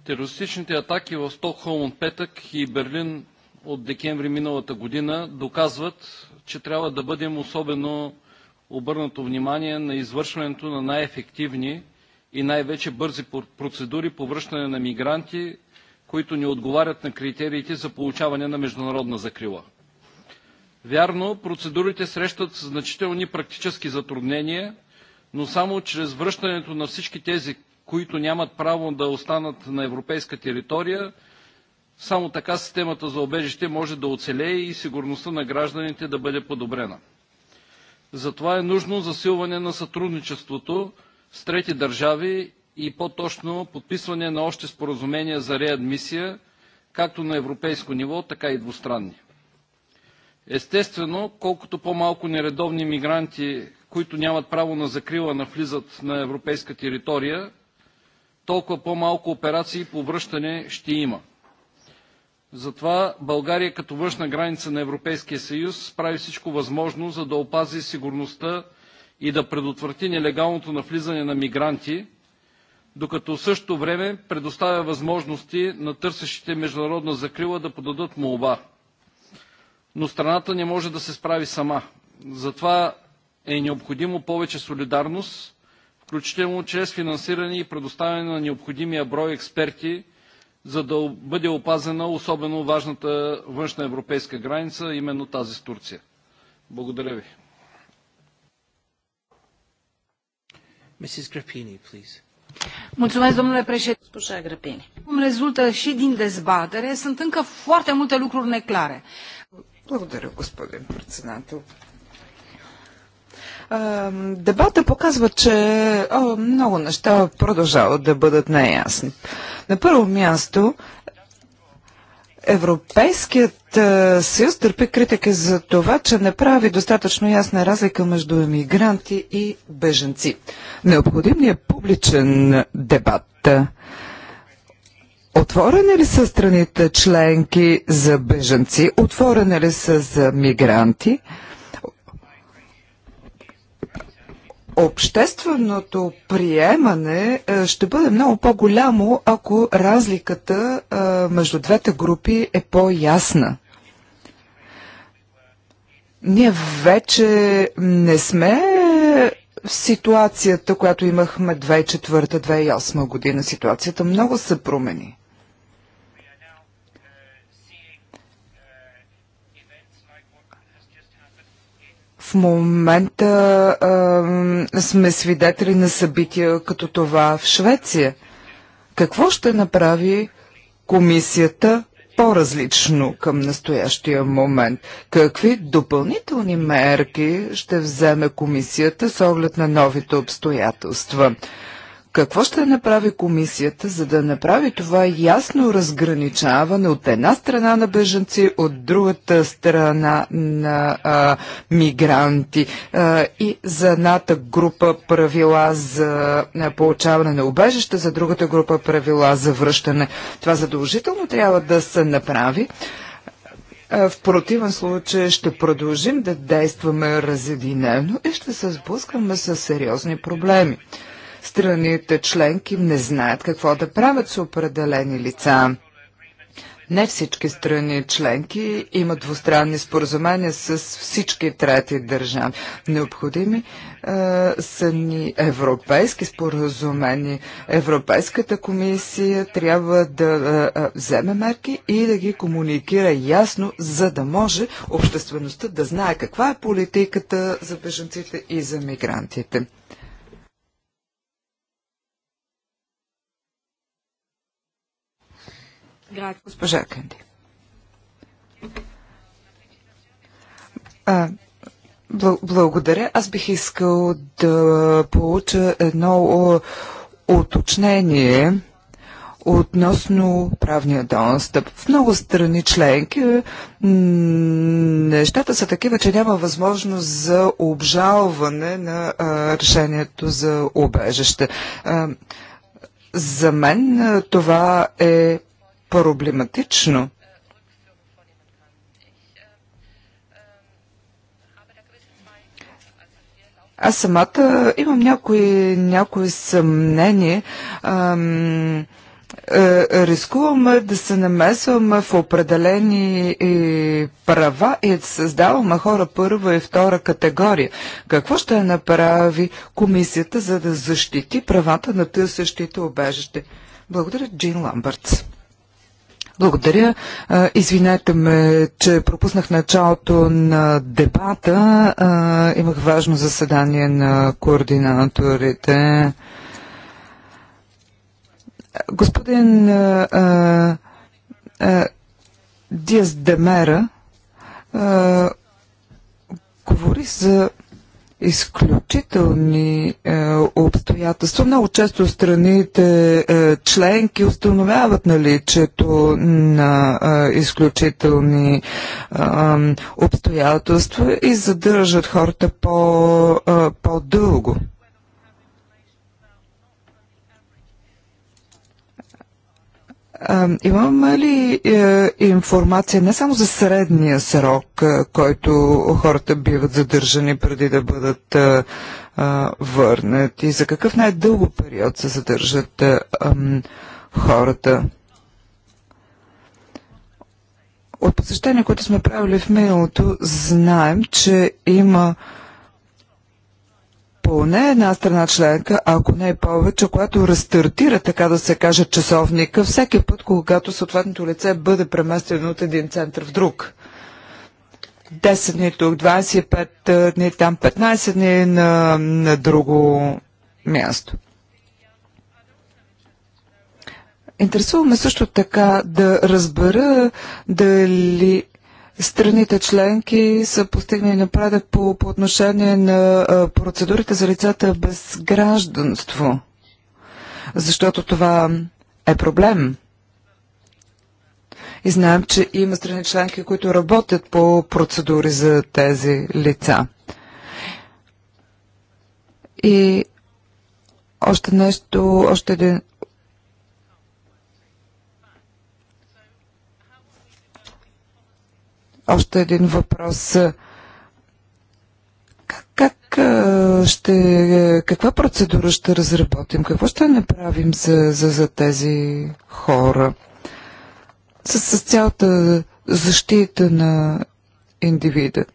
Терористичните атаки в Стокхолм от петък и Берлин от декември миналата година доказват, че трябва да бъдем особено обърнато внимание на извършването на най-ефективни и най-вече бързи процедури по връщане на мигранти, които не отговарят на критериите за получаване на международна закрила. Вярно, процедурите срещат значителни практически затруднения, но само чрез връщането на всички тези, които нямат право да останат на европейска територия, само така системата за обежище може да оцелее и сигурността на гражданите да бъде подобрена. Затова е нужно засилване на сътрудничеството с трети държави и по-точно подписване на още споразумения за реадмисия, както на европейско ниво, така и двустранни. Естествено, колкото по-малко нередовни мигранти, които нямат право на закрила, навлизат на европейска територия, толкова по-малко операции по връщане ще има. Затова България като външна граница на Европейския съюз прави всичко възможно, за да опази сигурността и да предотврати нелегалното навлизане на мигранти, докато в същото време предоставя възможности на търсещите международна закрила да подадат молба но страната не може да се справи сама. Затова е необходимо повече солидарност, включително чрез финансиране и предоставяне на необходимия брой експерти, за да бъде опазена особено важната външна европейска граница, именно тази с Турция. Благодаря ви. domnule președinte cum rezultă și din dezbatere sunt încă foarte multe lucruri neclare. Благодаря, господин председател. Дебата показва, че о, много неща продължават да бъдат неясни. На първо място, Европейският съюз търпи критика за това, че не прави достатъчно ясна разлика между емигранти и беженци. Необходимният публичен дебат. Отворени ли са страните членки за бежанци? Отворени ли са за мигранти? Общественото приемане е, ще бъде много по-голямо, ако разликата е, между двете групи е по-ясна. Ние вече не сме в ситуацията, която имахме 2004-2008 година. Ситуацията много се промени. В момента а, сме свидетели на събития като това в Швеция. Какво ще направи комисията по-различно към настоящия момент? Какви допълнителни мерки ще вземе комисията с оглед на новите обстоятелства? Какво ще направи комисията, за да направи това ясно разграничаване от една страна на бежанци, от другата страна на а, мигранти а, и за едната група правила за получаване на убежище, за другата група правила за връщане? Това задължително трябва да се направи. В противен случай ще продължим да действаме разединено и ще се сблъскаме с сериозни проблеми. Страните членки не знаят какво да правят с определени лица. Не всички страни членки имат двустранни споразумения с всички трети държави. Необходими е, са ни европейски споразумения. Европейската комисия трябва да е, е вземе мерки и да ги комуникира ясно, за да може обществеността да знае каква е политиката за беженците и за мигрантите. Госпожа Кенди. благодаря. Аз бих искал да получа едно уточнение относно правния достъп. В много страни членки нещата са такива, че няма възможност за обжалване на решението за убежище. за мен това е проблематично. Аз самата имам някои, някои съмнение. Ам, е, рискуваме да се намесваме в определени е, права и да създаваме хора първа и втора категория. Какво ще направи комисията, за да защити правата на тъй същите обежище? Благодаря, Джин Ламбъртс. Благодаря. Извинете ме, че пропуснах началото на дебата. Имах важно заседание на координаторите. Господин Диас Демера говори за изключителни е, обстоятелства. Много често страните е, членки установяват наличието на е, изключителни е, обстоятелства и задържат хората по, е, по-дълго. Имаме ли е, информация не само за средния срок, е, който хората биват задържани преди да бъдат е, върнати? За какъв най-дълго период се задържат хората? От посещения, които сме правили в миналото, знаем, че има поне една страна членка, ако не е повече, която разтъртира така да се каже, часовника, всеки път, когато съответното лице бъде преместено от един център в друг. 10 дни тук, 25 дни там, 15 дни на, на друго място. Интересува ме също така да разбера дали страните членки са постигнали напредък по, по отношение на процедурите за лицата без гражданство, защото това е проблем. И знаем, че има страни членки, които работят по процедури за тези лица. И още нещо, още един още един въпрос. Как, как ще, каква процедура ще разработим? Какво ще направим за, за, за тези хора? С, с цялата защита на индивида.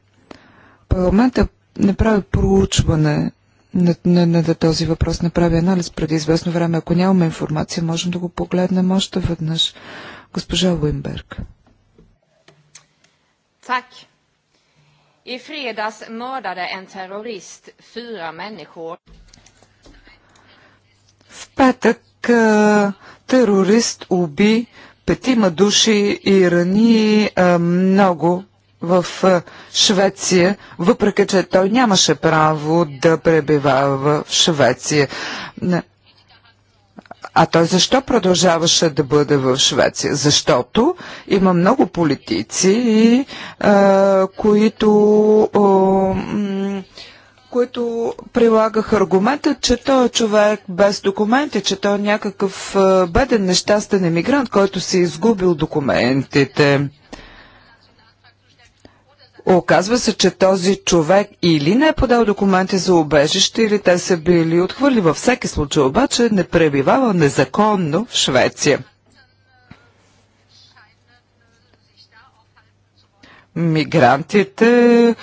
Парламента не прави проучване на, на, на, на този въпрос, не прави анализ преди известно време. Ако нямаме информация, можем да го погледнем още веднъж. Госпожа Уинберг. Tack. I fredags mördade en terrorist fyra människor. В петък е, терорист уби петима души и рани е, много в е, Швеция, въпреки че той нямаше право да пребивава в Швеция. А той защо продължаваше да бъде в Швеция? Защото има много политици, а, които. А, които прилагах аргумента, че той е човек без документи, че той е някакъв беден, нещастен емигрант, който си е изгубил документите. Оказва се, че този човек или не е подал документи за убежище, или те са били отхвърли. Във всеки случай обаче не пребивава незаконно в Швеция. Мигрантите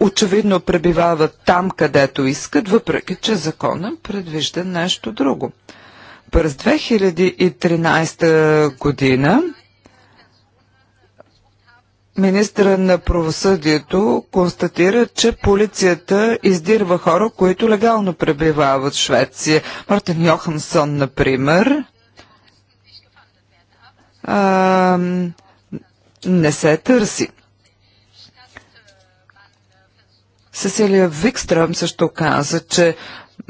очевидно пребивават там, където искат, въпреки че законът предвижда нещо друго. През 2013 година Министра на правосъдието констатира, че полицията издирва хора, които легално пребивават в Швеция. Мартин Йохансон, например, а, не се търси. Сесилия Викстрам също каза, че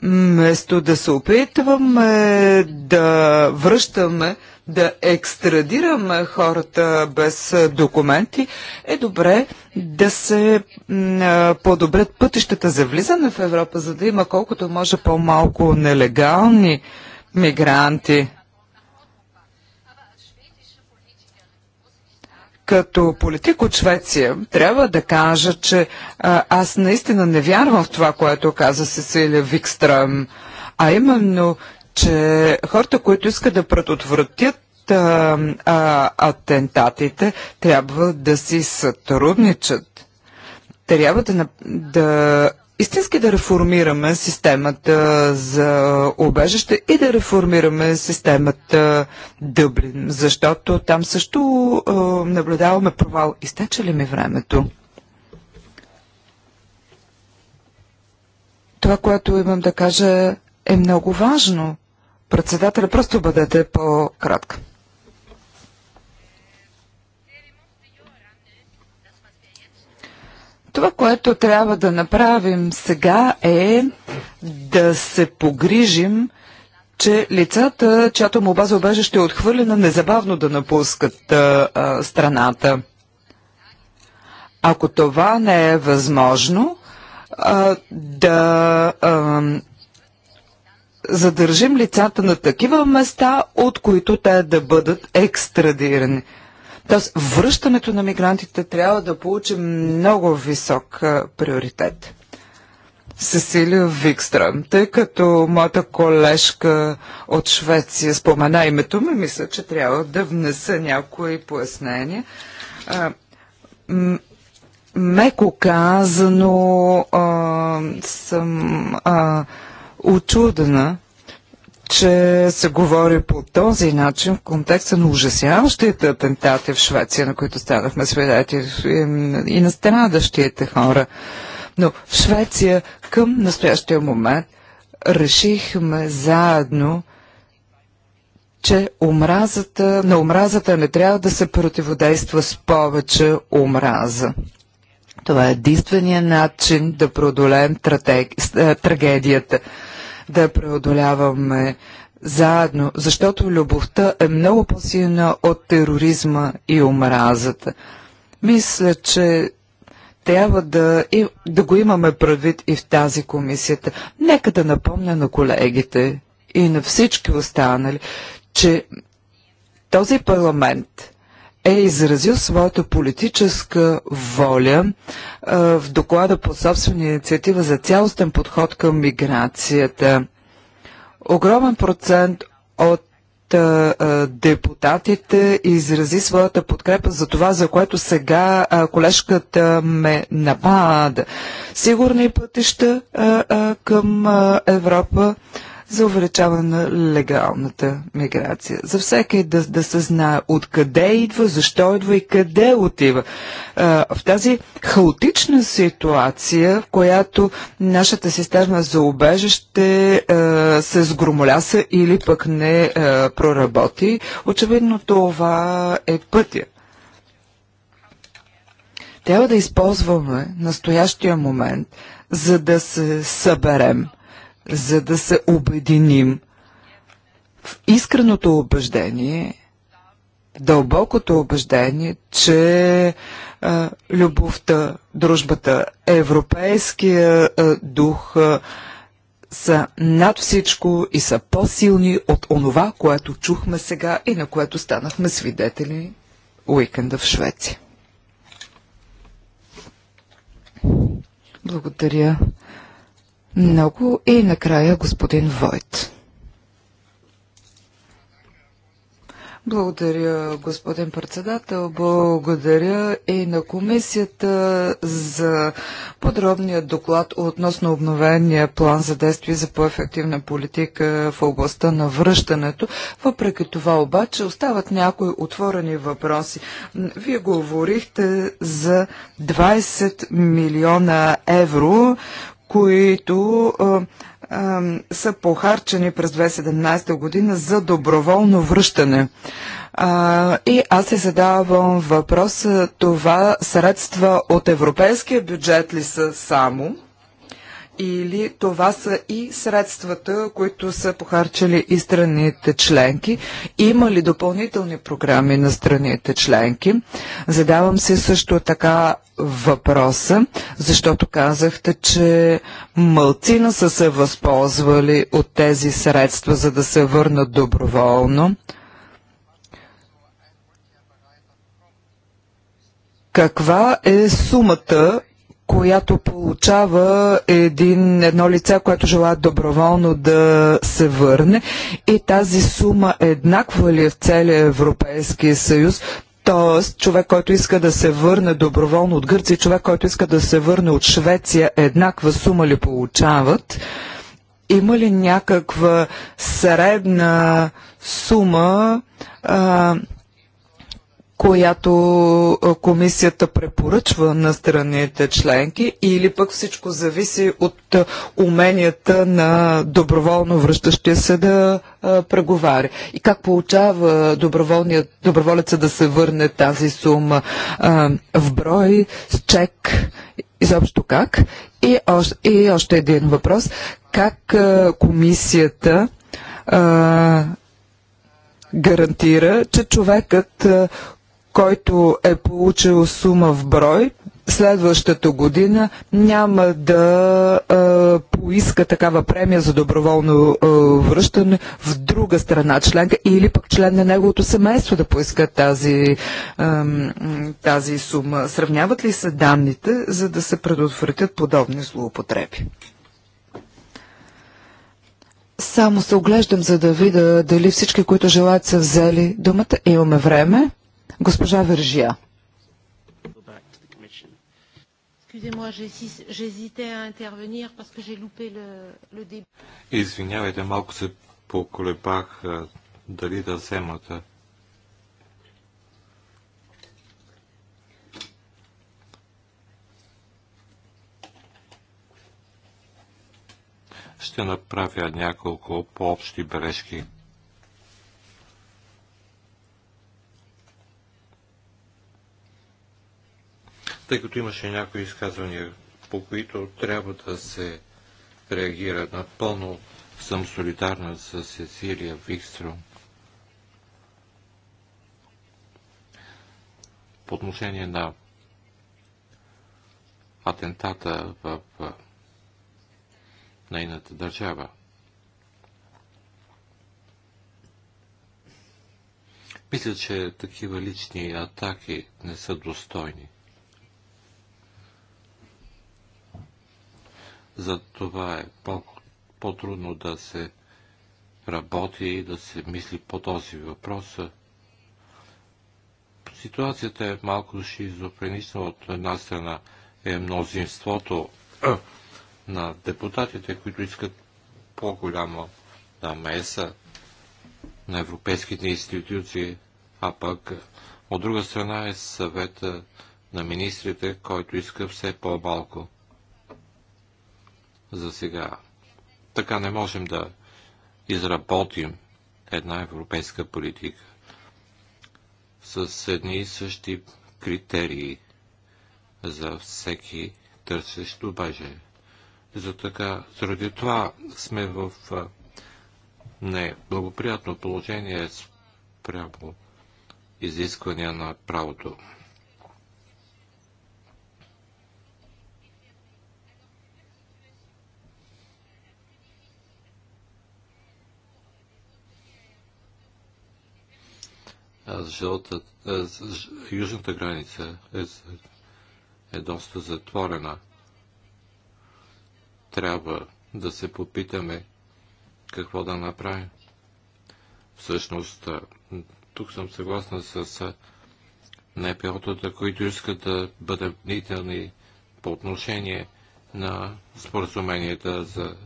вместо да се опитваме да връщаме да екстрадираме хората без документи, е добре да се подобрят пътищата за влизане в Европа, за да има колкото може по-малко нелегални мигранти. като политик от Швеция трябва да кажа, че а, аз наистина не вярвам в това, което каза Сесилия Викстрам, а именно, че хората, които искат да предотвратят а, а, атентатите, трябва да си сътрудничат. Трябва да, да истински да реформираме системата за обежище и да реформираме системата Дъблин, защото там също а, наблюдаваме провал. Изтече ли ми времето? Това, което имам да кажа, е много важно. Председателя, просто бъдете по-кратка. Това, което трябва да направим сега е да се погрижим, че лицата, чиято му база обежище е отхвърлена, незабавно да напускат а, а, страната. Ако това не е възможно, а, да а, задържим лицата на такива места, от които те да бъдат екстрадирани. Тоест, връщането на мигрантите трябва да получи много висок приоритет. Сесилия Викстрам, тъй като моята колежка от Швеция спомена името ми, мисля, че трябва да внеса някои пояснения. меко казано, а, съм а, очудена, че се говори по този начин в контекста на ужасяващите атентати в Швеция, на които станахме свидетели и на страдащите хора. Но в Швеция към настоящия момент решихме заедно, че омразата, на омразата не трябва да се противодейства с повече омраза. Това е единствения начин да продолеем е, трагедията да преодоляваме заедно, защото любовта е много по-силна от тероризма и омразата. Мисля, че трябва да, и, да го имаме предвид и в тази комисията. Нека да напомня на колегите и на всички останали, че този парламент е изразил своята политическа воля а, в доклада по собствена инициатива за цялостен подход към миграцията. Огромен процент от депутатите изрази своята подкрепа за това, за което сега колежката ме напада. Сигурни пътища към Европа, за увеличаване на легалната миграция. За всеки да, да се знае откъде идва, защо идва и къде отива. в тази хаотична ситуация, в която нашата система за убежище се сгромоляса или пък не проработи, очевидно това е пътя трябва да използваме настоящия момент, за да се съберем, за да се обединим в искреното убеждение, дълбокото убеждение, че а, любовта, дружбата, европейския а, дух а, са над всичко и са по-силни от онова, което чухме сега и на което станахме свидетели уикенда в Швеция. Благодаря много. И накрая господин Войт. Благодаря, господин председател. Благодаря и на комисията за подробния доклад относно обновения план за действие за по-ефективна политика в областта на връщането. Въпреки това обаче остават някои отворени въпроси. Вие говорихте за 20 милиона евро, които а, а, са похарчени през 2017 година за доброволно връщане. А, и аз се задавам въпрос, това средства от европейския бюджет ли са само? или това са и средствата, които са похарчили и страните членки? Има ли допълнителни програми на страните членки? Задавам се също така въпроса, защото казахте, че мълцина са се възползвали от тези средства, за да се върнат доброволно. Каква е сумата, която получава един, едно лице, което желая доброволно да се върне и тази сума е еднаква ли е в целия Европейски съюз, Тоест, човек, който иска да се върне доброволно от Гърция, човек, който иска да се върне от Швеция, еднаква сума ли получават? Има ли някаква средна сума, а, която комисията препоръчва на страните членки или пък всичко зависи от уменията на доброволно връщащия се да преговаря. И как получава доброволеца да се върне тази сума в брой, с чек, изобщо как? И, още, и още един въпрос. Как комисията гарантира, че човекът, който е получил сума в брой, следващата година няма да е, поиска такава премия за доброволно е, връщане в друга страна членка или пък член на неговото семейство да поиска тази, е, тази сума. Сравняват ли се данните, за да се предотвратят подобни злоупотреби? Само се оглеждам, за да видя дали всички, които желаят, са взели думата. Имаме време. Госпожа Вържия. Извинявайте, малко се поколебах дали да вземат. Ще направя няколко по-общи бележки. тъй като имаше някои изказвания, по които трябва да се реагира. Напълно съм солидарна с Сесилия Викстром. По отношение на атентата в нейната държава. Мисля, че такива лични атаки не са достойни. За това е по-трудно по да се работи и да се мисли по този въпрос. Ситуацията е малко шизофренична. От една страна е мнозинството (clears throat) на депутатите, които искат по-голяма намеса на европейските институции, а пък от друга страна е съвета на министрите, който иска все по-малко за сега. Така не можем да изработим една европейска политика с едни и същи критерии за всеки търсещ обаже. За така, заради това сме в неблагоприятно положение спрямо изисквания на правото. Жълта, е, южната граница е, е доста затворена. Трябва да се попитаме какво да направим. Всъщност, е, тук съм съгласна с е, НПО-тата, които искат да бъдат внителни по отношение на споразуменията за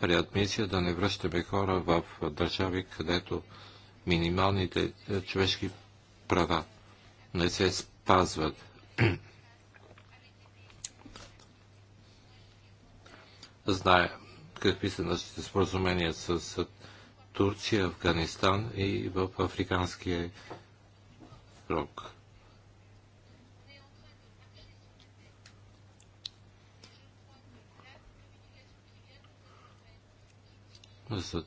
преадмисия, да не връщаме хора в държави, където минималните е, човешки права не се спазват. (clears throat) Знае какви са нашите споразумения с Турция, Афганистан и в Африканския рок. За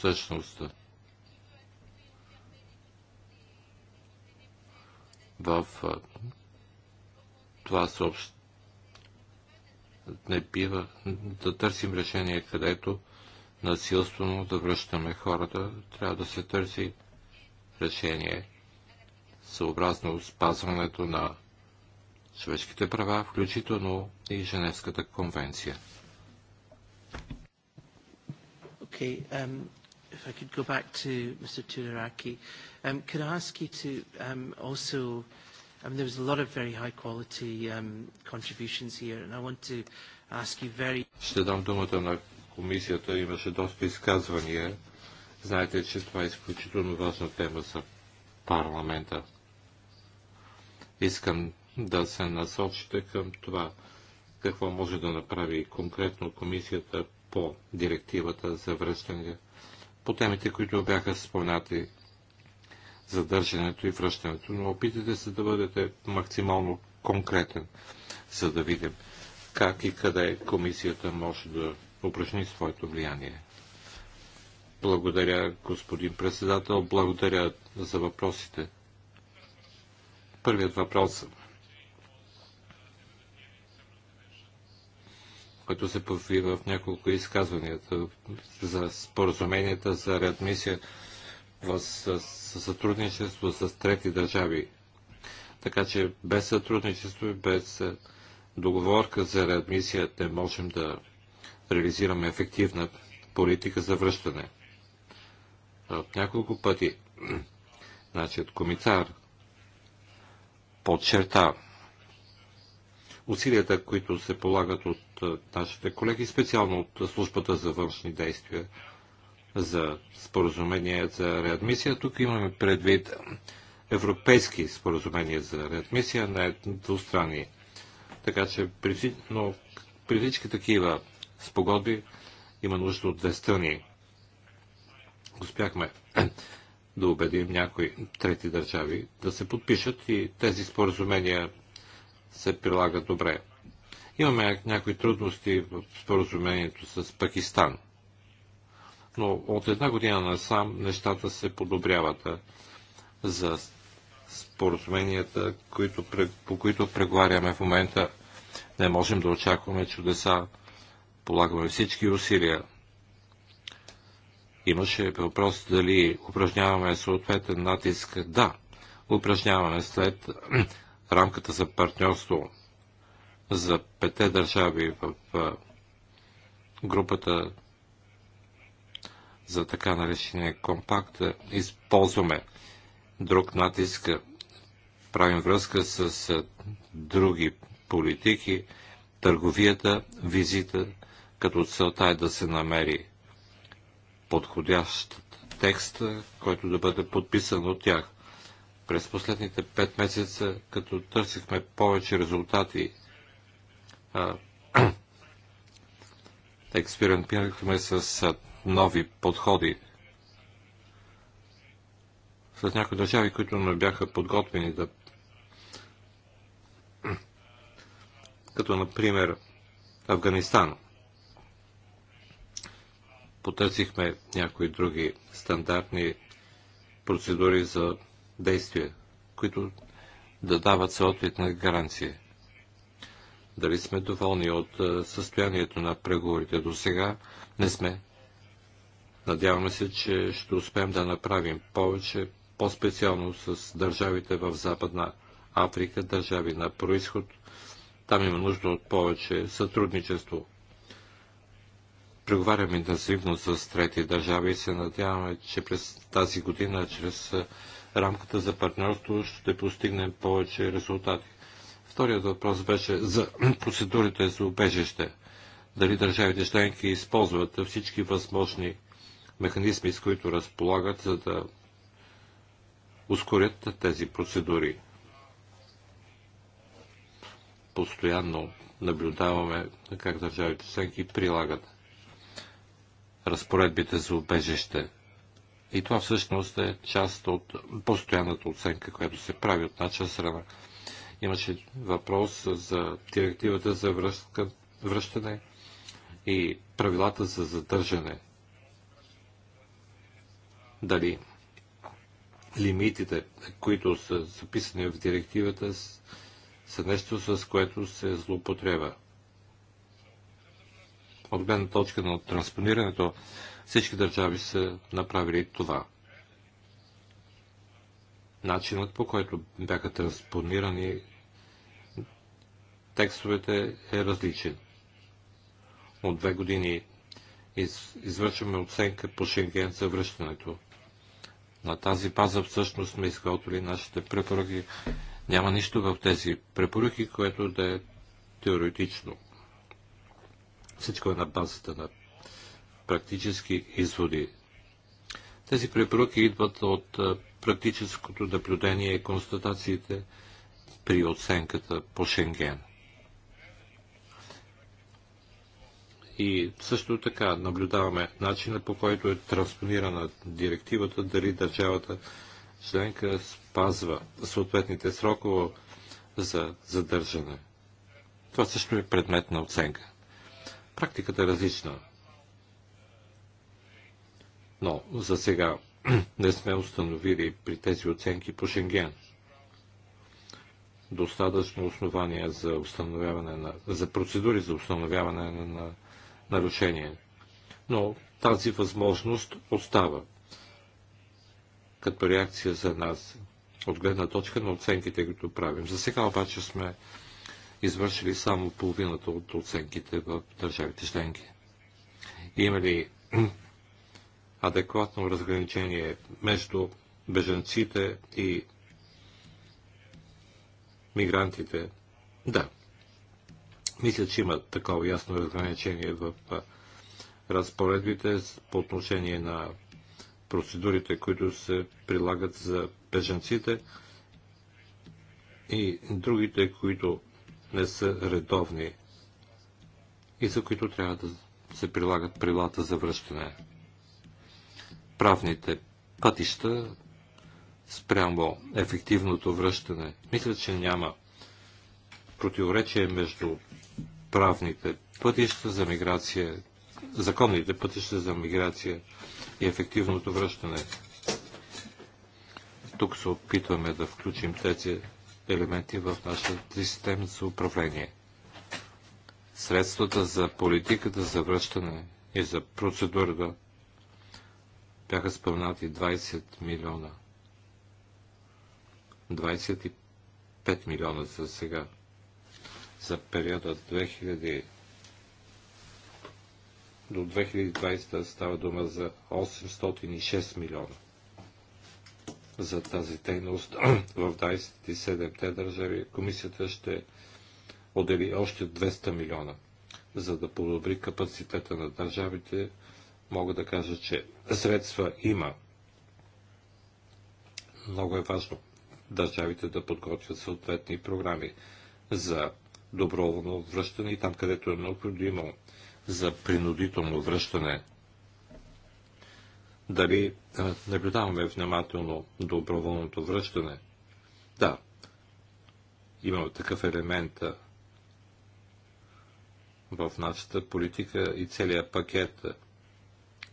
всъщност. В това съобщ... не бива да търсим решение, където насилствено да връщаме хората. Трябва да се търси решение съобразно спазването на човешките права, включително и Женевската конвенция. Okay, um, if I could go back to Mr. Turaraki, um, could I ask you to um, also, I um, mean, there was a lot of very high quality um, contributions here, and I want to ask you very... Ще дам думата на комисията, имаше доста изказвания. Знаете, че това е изключително важна тема за парламента. Искам да се насочите към това, какво може да направи конкретно комисията по директивата за връщане по темите, които бяха споменати задържането и връщането, но опитайте се да бъдете максимално конкретен, за да видим как и къде комисията може да упражни своето влияние. Благодаря, господин председател. Благодаря за въпросите. Първият въпрос което се появи в няколко изказванията за споразуменията за реадмисия в сътрудничество с трети държави. Така че без сътрудничество и без е, договорка за реадмисия не можем да реализираме ефективна политика за връщане. От няколко пъти значи, комисар подчерта усилията, които се полагат от нашите колеги, специално от службата за външни действия за споразумение за реадмисия. Тук имаме предвид европейски споразумения за реадмисия на двустранни. Така че при, но при всички такива спогодби има нужда от две страни. Успяхме (clears throat) да убедим някои трети държави да се подпишат и тези споразумения се прилага добре. Имаме някои трудности в споразумението с Пакистан. Но от една година насам нещата се подобряват за споразуменията, които, по които преговаряме в момента. Не можем да очакваме чудеса. Полагаме всички усилия. Имаше въпрос дали упражняваме съответен натиск. Да, упражняваме след рамката за партньорство за пете държави в групата за така наречения компакт е, използваме друг натиск, е, правим връзка с е, други политики, търговията, визита, като целта е да се намери подходящ текст, който да бъде подписан от тях през последните пет месеца, като търсихме повече резултати. (clears throat) Експериментирахме с нови подходи. с някои държави, които не бяха подготвени да (clears throat) като например Афганистан. Потърсихме някои други стандартни процедури за действия, които да дават съответна гаранция. Дали сме доволни от състоянието на преговорите до сега? Не сме. Надяваме се, че ще успеем да направим повече, по-специално с държавите в Западна Африка, държави на происход. Там има нужда от повече сътрудничество. Преговаряме интензивно с трети държави и се надяваме, че през тази година, чрез рамката за партньорство ще постигнем повече резултати. Вторият въпрос беше за (clears throat) процедурите за убежище. Дали държавите членки използват всички възможни механизми, с които разполагат, за да ускорят тези процедури. Постоянно наблюдаваме как държавите членки прилагат разпоредбите за убежище. И това всъщност е част от постоянната оценка, която се прави от наша страна. Имаше въпрос за директивата за връщка, връщане и правилата за задържане. Дали лимитите, които са записани в директивата, са нещо, с което се злоупотреба от гледна точка на транспонирането всички държави са направили това. Начинът по който бяха транспонирани текстовете е различен. От две години извършваме оценка по Шенген за връщането. На тази база всъщност сме изготвили нашите препоръки. Няма нищо в тези препоръки, което да е теоретично. Всичко е на базата на практически изводи. Тези препоръки идват от практическото наблюдение и констатациите при оценката по Шенген. И също така наблюдаваме начина по който е транспонирана директивата, дали държавата членка спазва съответните срокове за задържане. Това също е предмет на оценка. Практиката е различна. Но за сега (clears throat) не сме установили при тези оценки по Шенген достатъчно основания за установяване на, за процедури за установяване на, на нарушение. Но тази възможност остава като реакция за нас от гледна точка на оценките, които правим. За сега обаче сме извършили само половината от оценките в държавите членки? Има ли (clears throat) адекватно разграничение между беженците и мигрантите? Да. Мисля, че има такова ясно разграничение в разпоредбите по отношение на процедурите, които се прилагат за беженците и другите, които не са редовни и за които трябва да се прилагат прилата за връщане. Правните пътища спрямо ефективното връщане. Мисля, че няма противоречие между правните пътища за миграция, законните пътища за миграция и ефективното връщане. Тук се опитваме да включим тези елементи в нашата система за управление. Средствата за политиката за връщане и за процедурата бяха спомнати 20 милиона. 25 милиона за сега. За периода 2000 до 2020 става дума за 806 милиона за тази дейност (clears throat) в 27-те държави, комисията ще отдели още 200 милиона, за да подобри капацитета на държавите. Мога да кажа, че средства има. Много е важно държавите да подготвят съответни програми за доброволно връщане и там, където е необходимо за принудително връщане дали наблюдаваме внимателно доброволното връщане. Да, има такъв елемент в нашата политика и целият пакет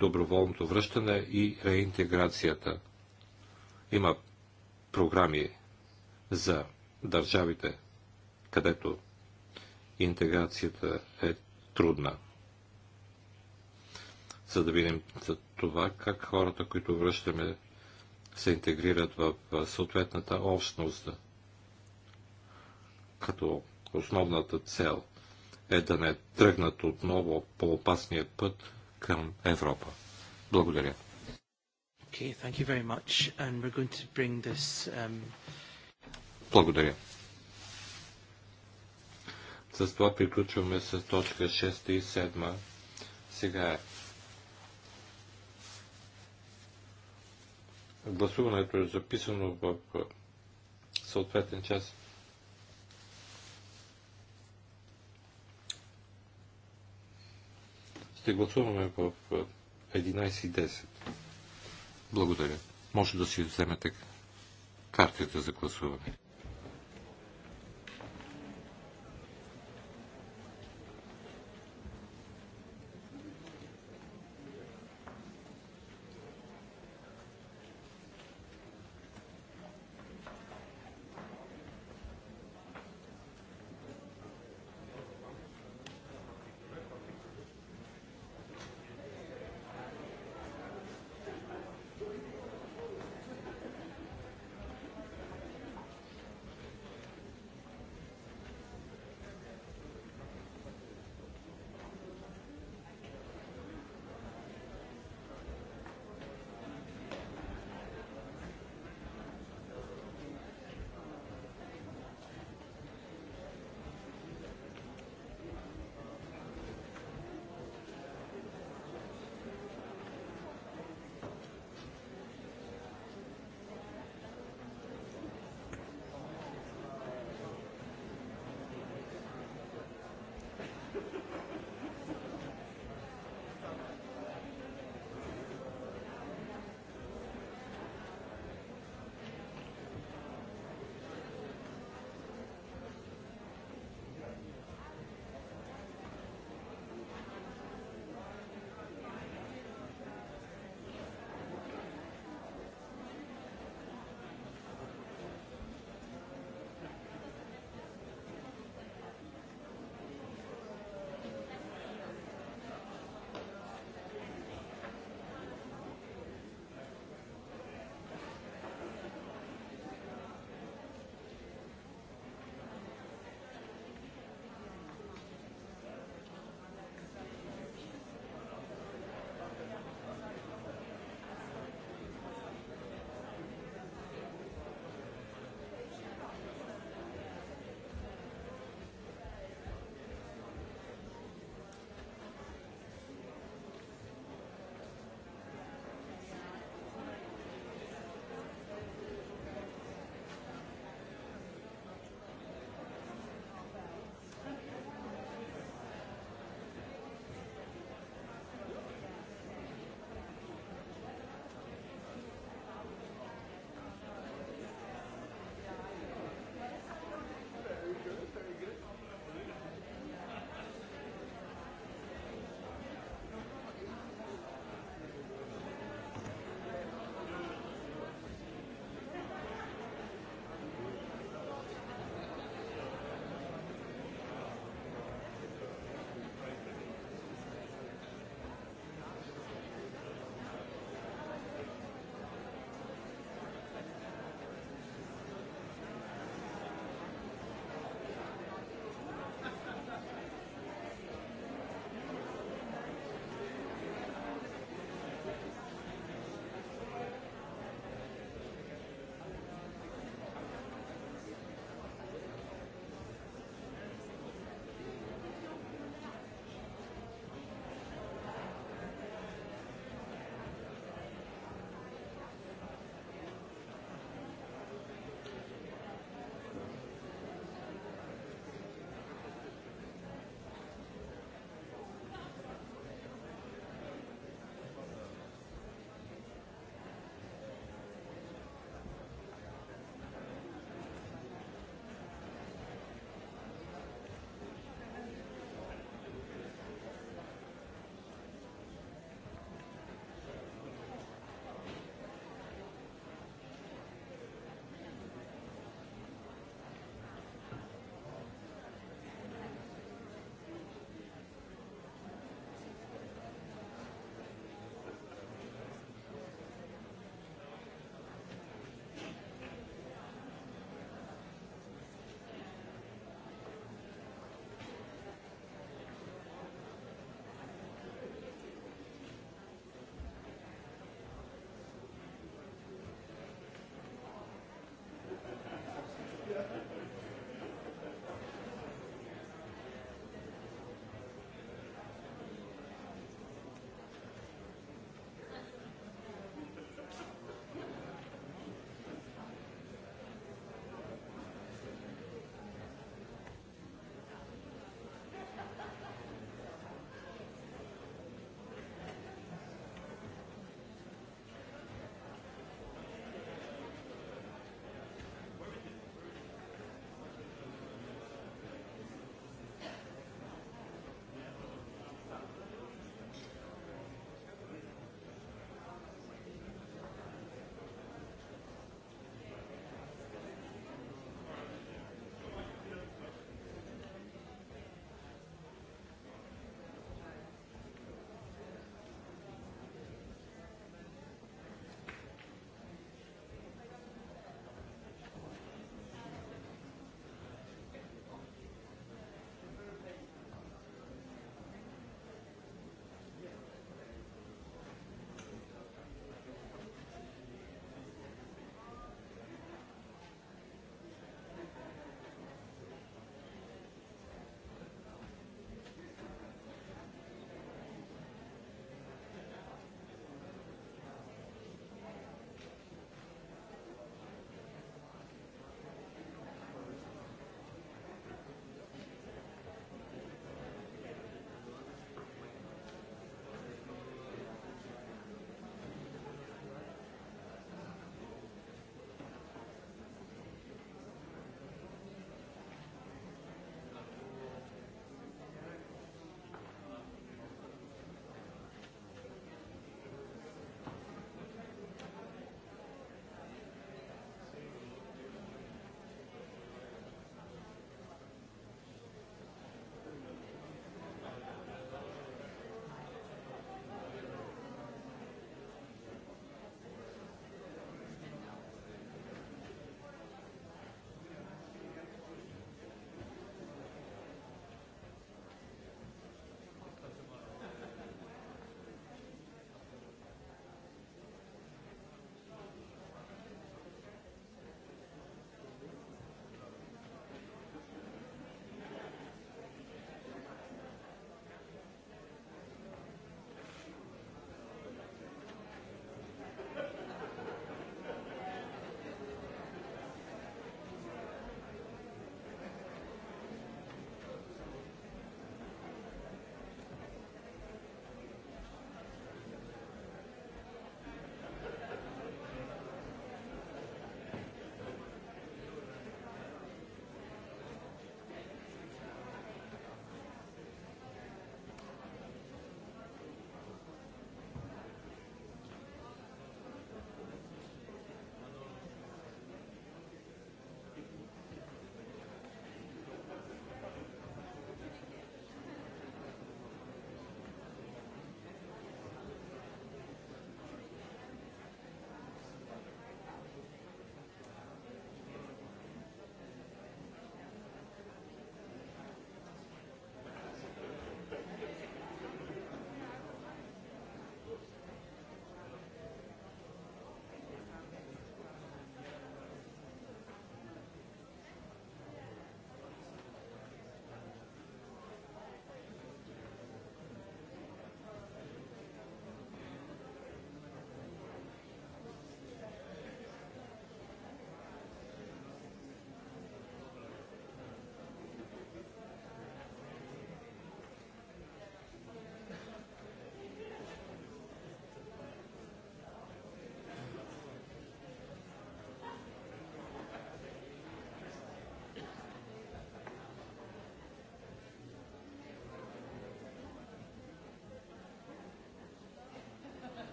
доброволното връщане и реинтеграцията. Има програми за държавите, където интеграцията е трудна. За да видим това как хората, които връщаме, се интегрират в съответната общност. Като основната цел е да не тръгнат отново по опасния път към Европа. Благодаря. Okay, thank you very much. And we're going to bring this, um... Благодаря. С това приключваме с точка 6 и 7. Сега е гласуването е записано в съответен час. Ще гласуваме в 11.10. Благодаря. Може да си вземете картите за гласуване.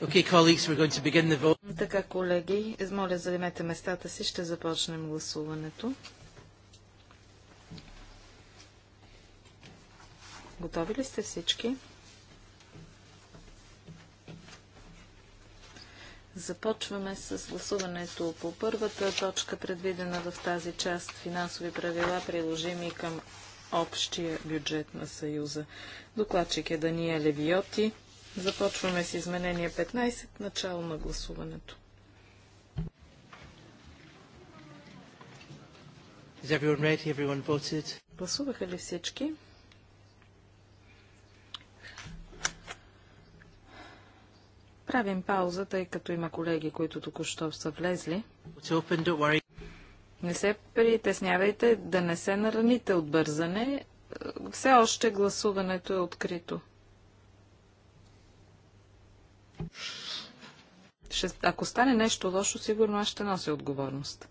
Okay, colleagues, we're going to begin the vote. Така, колеги, моля, займете местата си, ще започнем гласуването. Готови ли сте всички? Започваме с гласуването по първата точка, предвидена в тази част финансови правила, приложими към общия бюджет на Съюза. Докладчик е Дания Левиоти. Започваме с изменение 15, начало на гласуването. Гласуваха ли всички? Правим пауза, тъй като има колеги, които току-що са влезли. Не се притеснявайте да не се нараните от бързане. Все още гласуването е открито. ако стане нещо лошо, сигурно аз ще нося отговорност.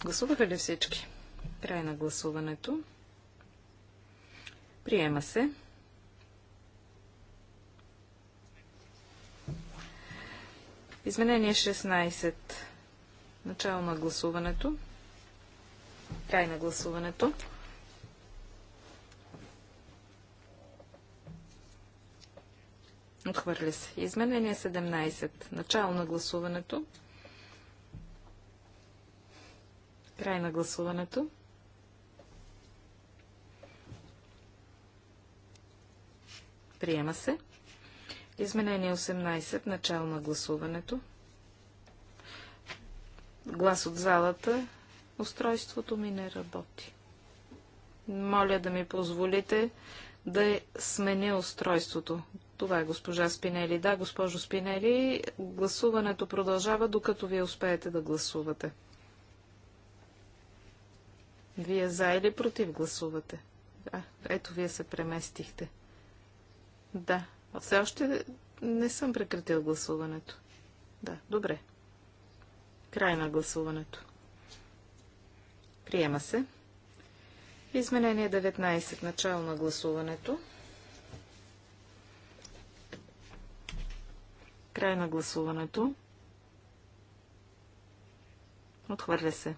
Гласуваха ли всички? Край на гласуването. Приема се. Изменение 16. Начало на гласуването. Край на гласуването. Отхвърля се. Изменение 17. Начало на гласуването. Край на гласуването. Приема се. Изменение 18. Начало на гласуването. Глас от залата. Устройството ми не работи. Моля да ми позволите да сменя устройството. Това е госпожа Спинели. Да, госпожо Спинели, гласуването продължава, докато вие успеете да гласувате. Вие за или против гласувате? Да, ето, вие се преместихте. Да, все още не съм прекратил гласуването. Да, добре. Край на гласуването. Приема се. Изменение 19. Начало на гласуването. Край на гласуването. Отхвърля се.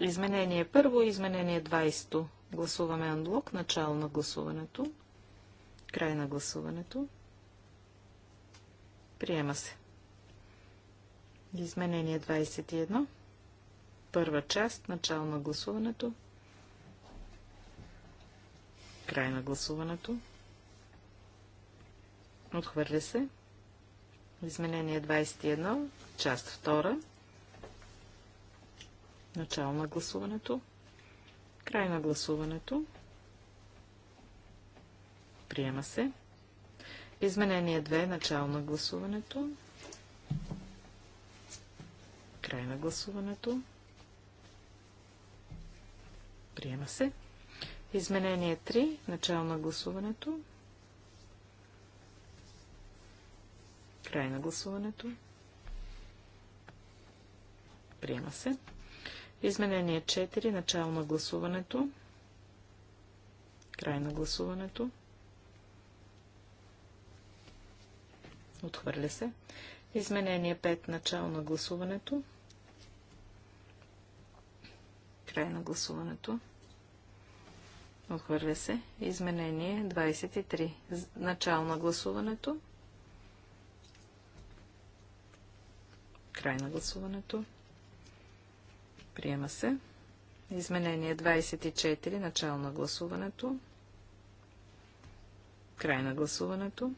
Изменение първо изменение 20. Гласуваме анблок. Начало на гласуването. Край на гласуването. Приема се. Изменение 21. Първа част. Начало на гласуването. Край на гласуването. Отхвърля се. Изменение 21, част 2. Начало на гласуването. Край на гласуването. Приема се. Изменение 2, начало на гласуването. Край на гласуването. Приема се. Изменение 3, начало на гласуването. Край на гласуването. Приема се. Изменение 4. Начало на гласуването. Край на гласуването. Отхвърля се. Изменение 5. Начало на гласуването. Край на гласуването. Отхвърля се. Изменение 23. Начало на гласуването. Край на гласуването. Приема се. Изменение 24. Начало на гласуването. Край на гласуването.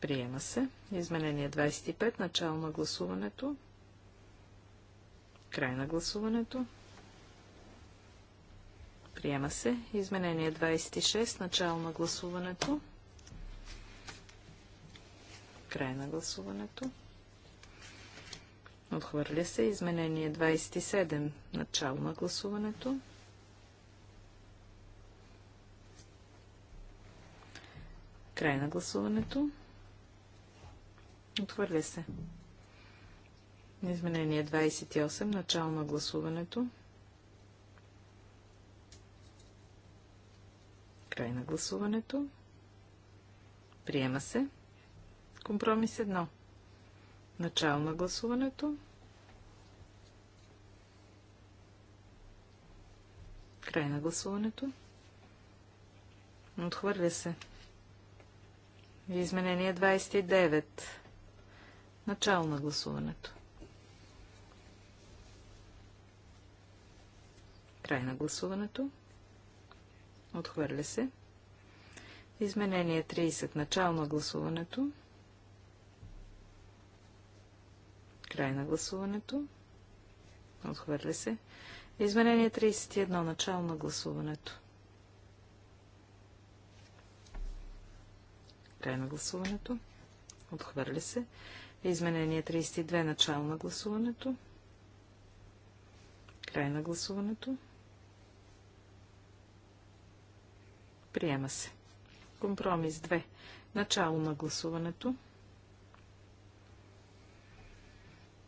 Приема се. Изменение 25. Начало на гласуването. Край на гласуването. Приема се. Изменение 26. Начало на гласуването. Край на гласуването. Отхвърля се изменение 27. Начало на гласуването. Край на гласуването. Отхвърля се. Изменение 28. Начало на гласуването. Край на гласуването. Приема се. Компромис 1. Начало на гласуването. Край на гласуването. Отхвърля се. Изменение 29. Начало на гласуването. Край на гласуването. Отхвърля се. Изменение 30. Начало на гласуването. Край на гласуването. Отхвърля се. Изменение 31. Начало на гласуването. Край на гласуването. Отхвърля се. Изменение 32. Начало на гласуването. Край на гласуването. Приема се. Компромис 2. Начало на гласуването.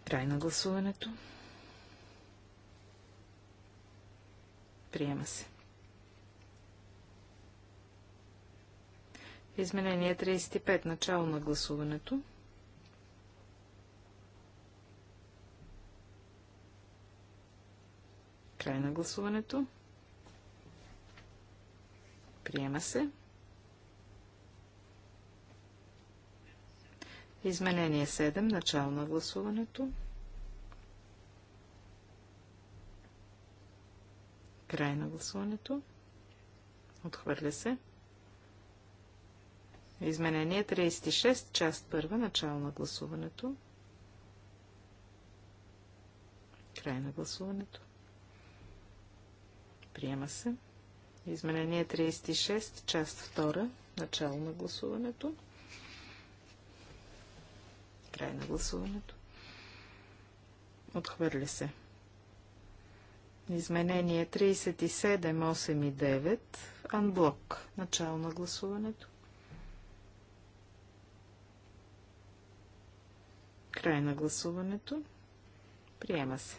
Край на гласуването. Приема се. Изменение 35. Начало на гласуването. Край на гласуването. Приема се. Изменение 7. Начало на гласуването. Край на гласуването. Отхвърля се. Изменение 36, част 1, начало на гласуването. Край на гласуването. Приема се. Изменение 36, част 2, начало на гласуването. Край на гласуването. Отхвърля се. Изменение 37, 8 и 9. Анблок. Начало на гласуването. Край на гласуването. Приема се.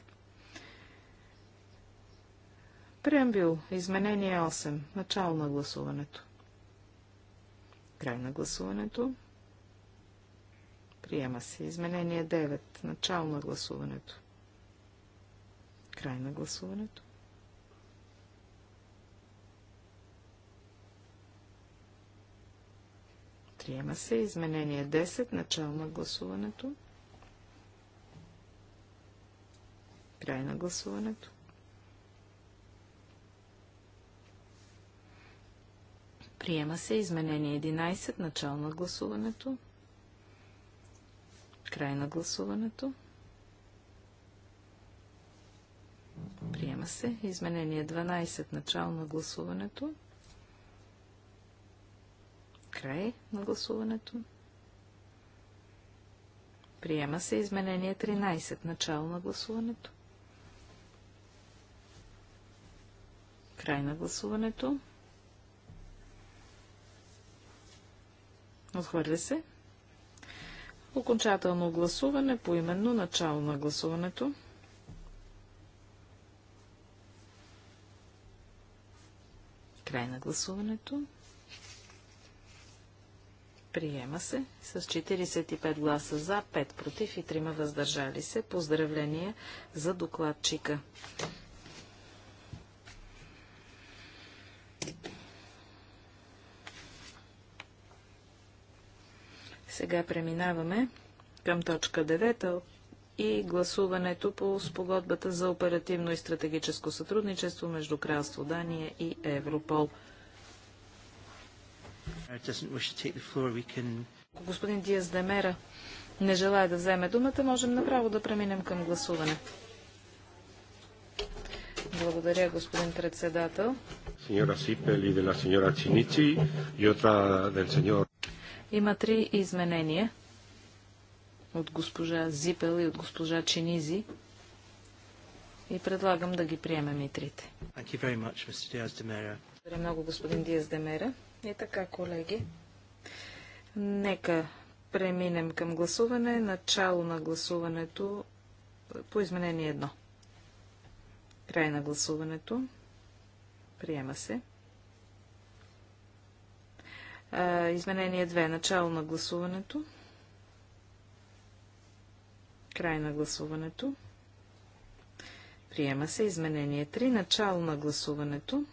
Преамбил. Изменение 8. Начало на гласуването. Край на гласуването. Приема се. Изменение 9. Начало на гласуването. Край на гласуването. Приема се. Изменение 10. Начало на гласуването. Край на гласуването. Приема се изменение 11, начало на гласуването. Край на гласуването. Приема се. Изменение 12. Начало на гласуването. Край на гласуването. Приема се изменение 13. Начало на гласуването. Край на гласуването. Отхвърля се. Окончателно гласуване по именно начало на гласуването. Край на гласуването. Приема се с 45 гласа за, 5 против и 3 въздържали се. Поздравления за докладчика. Сега преминаваме към точка 9 и гласуването по спогодбата за оперативно и стратегическо сътрудничество между Кралство Дания и Европол. Ако Господин Диас Демера не желая да вземе думата, можем направо да преминем към гласуване. Благодаря, господин председател. Сеньора Сипел и de la и отра ден сеньор има три изменения от госпожа Зипел и от госпожа Чинизи. И предлагам да ги приемем и трите. Благодаря много, господин Диаз Демера. И така, колеги, нека преминем към гласуване. Начало на гласуването по изменение едно. Край на гласуването. Приема се. Изменение 2. Начало на гласуването. Край на гласуването. Приема се изменение 3. Начало на гласуването.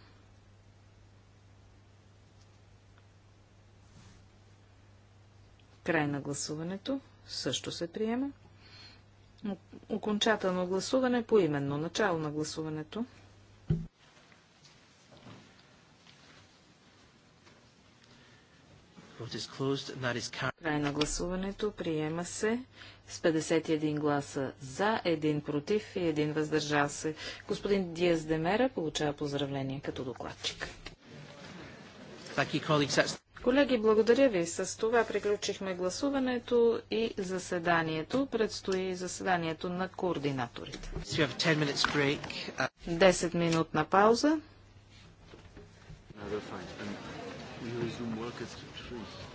Край на гласуването. Също се приема. Окончателно гласуване по именно начало на гласуването. Край на гласуването приема се с 51 гласа за, 1 против и 1 въздържал се. Господин Диас Демера получава поздравление като докладчик. Колеги, благодаря ви. С това приключихме гласуването и заседанието. Предстои заседанието на координаторите. 10 uh, минутна пауза. Another fine. And we resume work trees.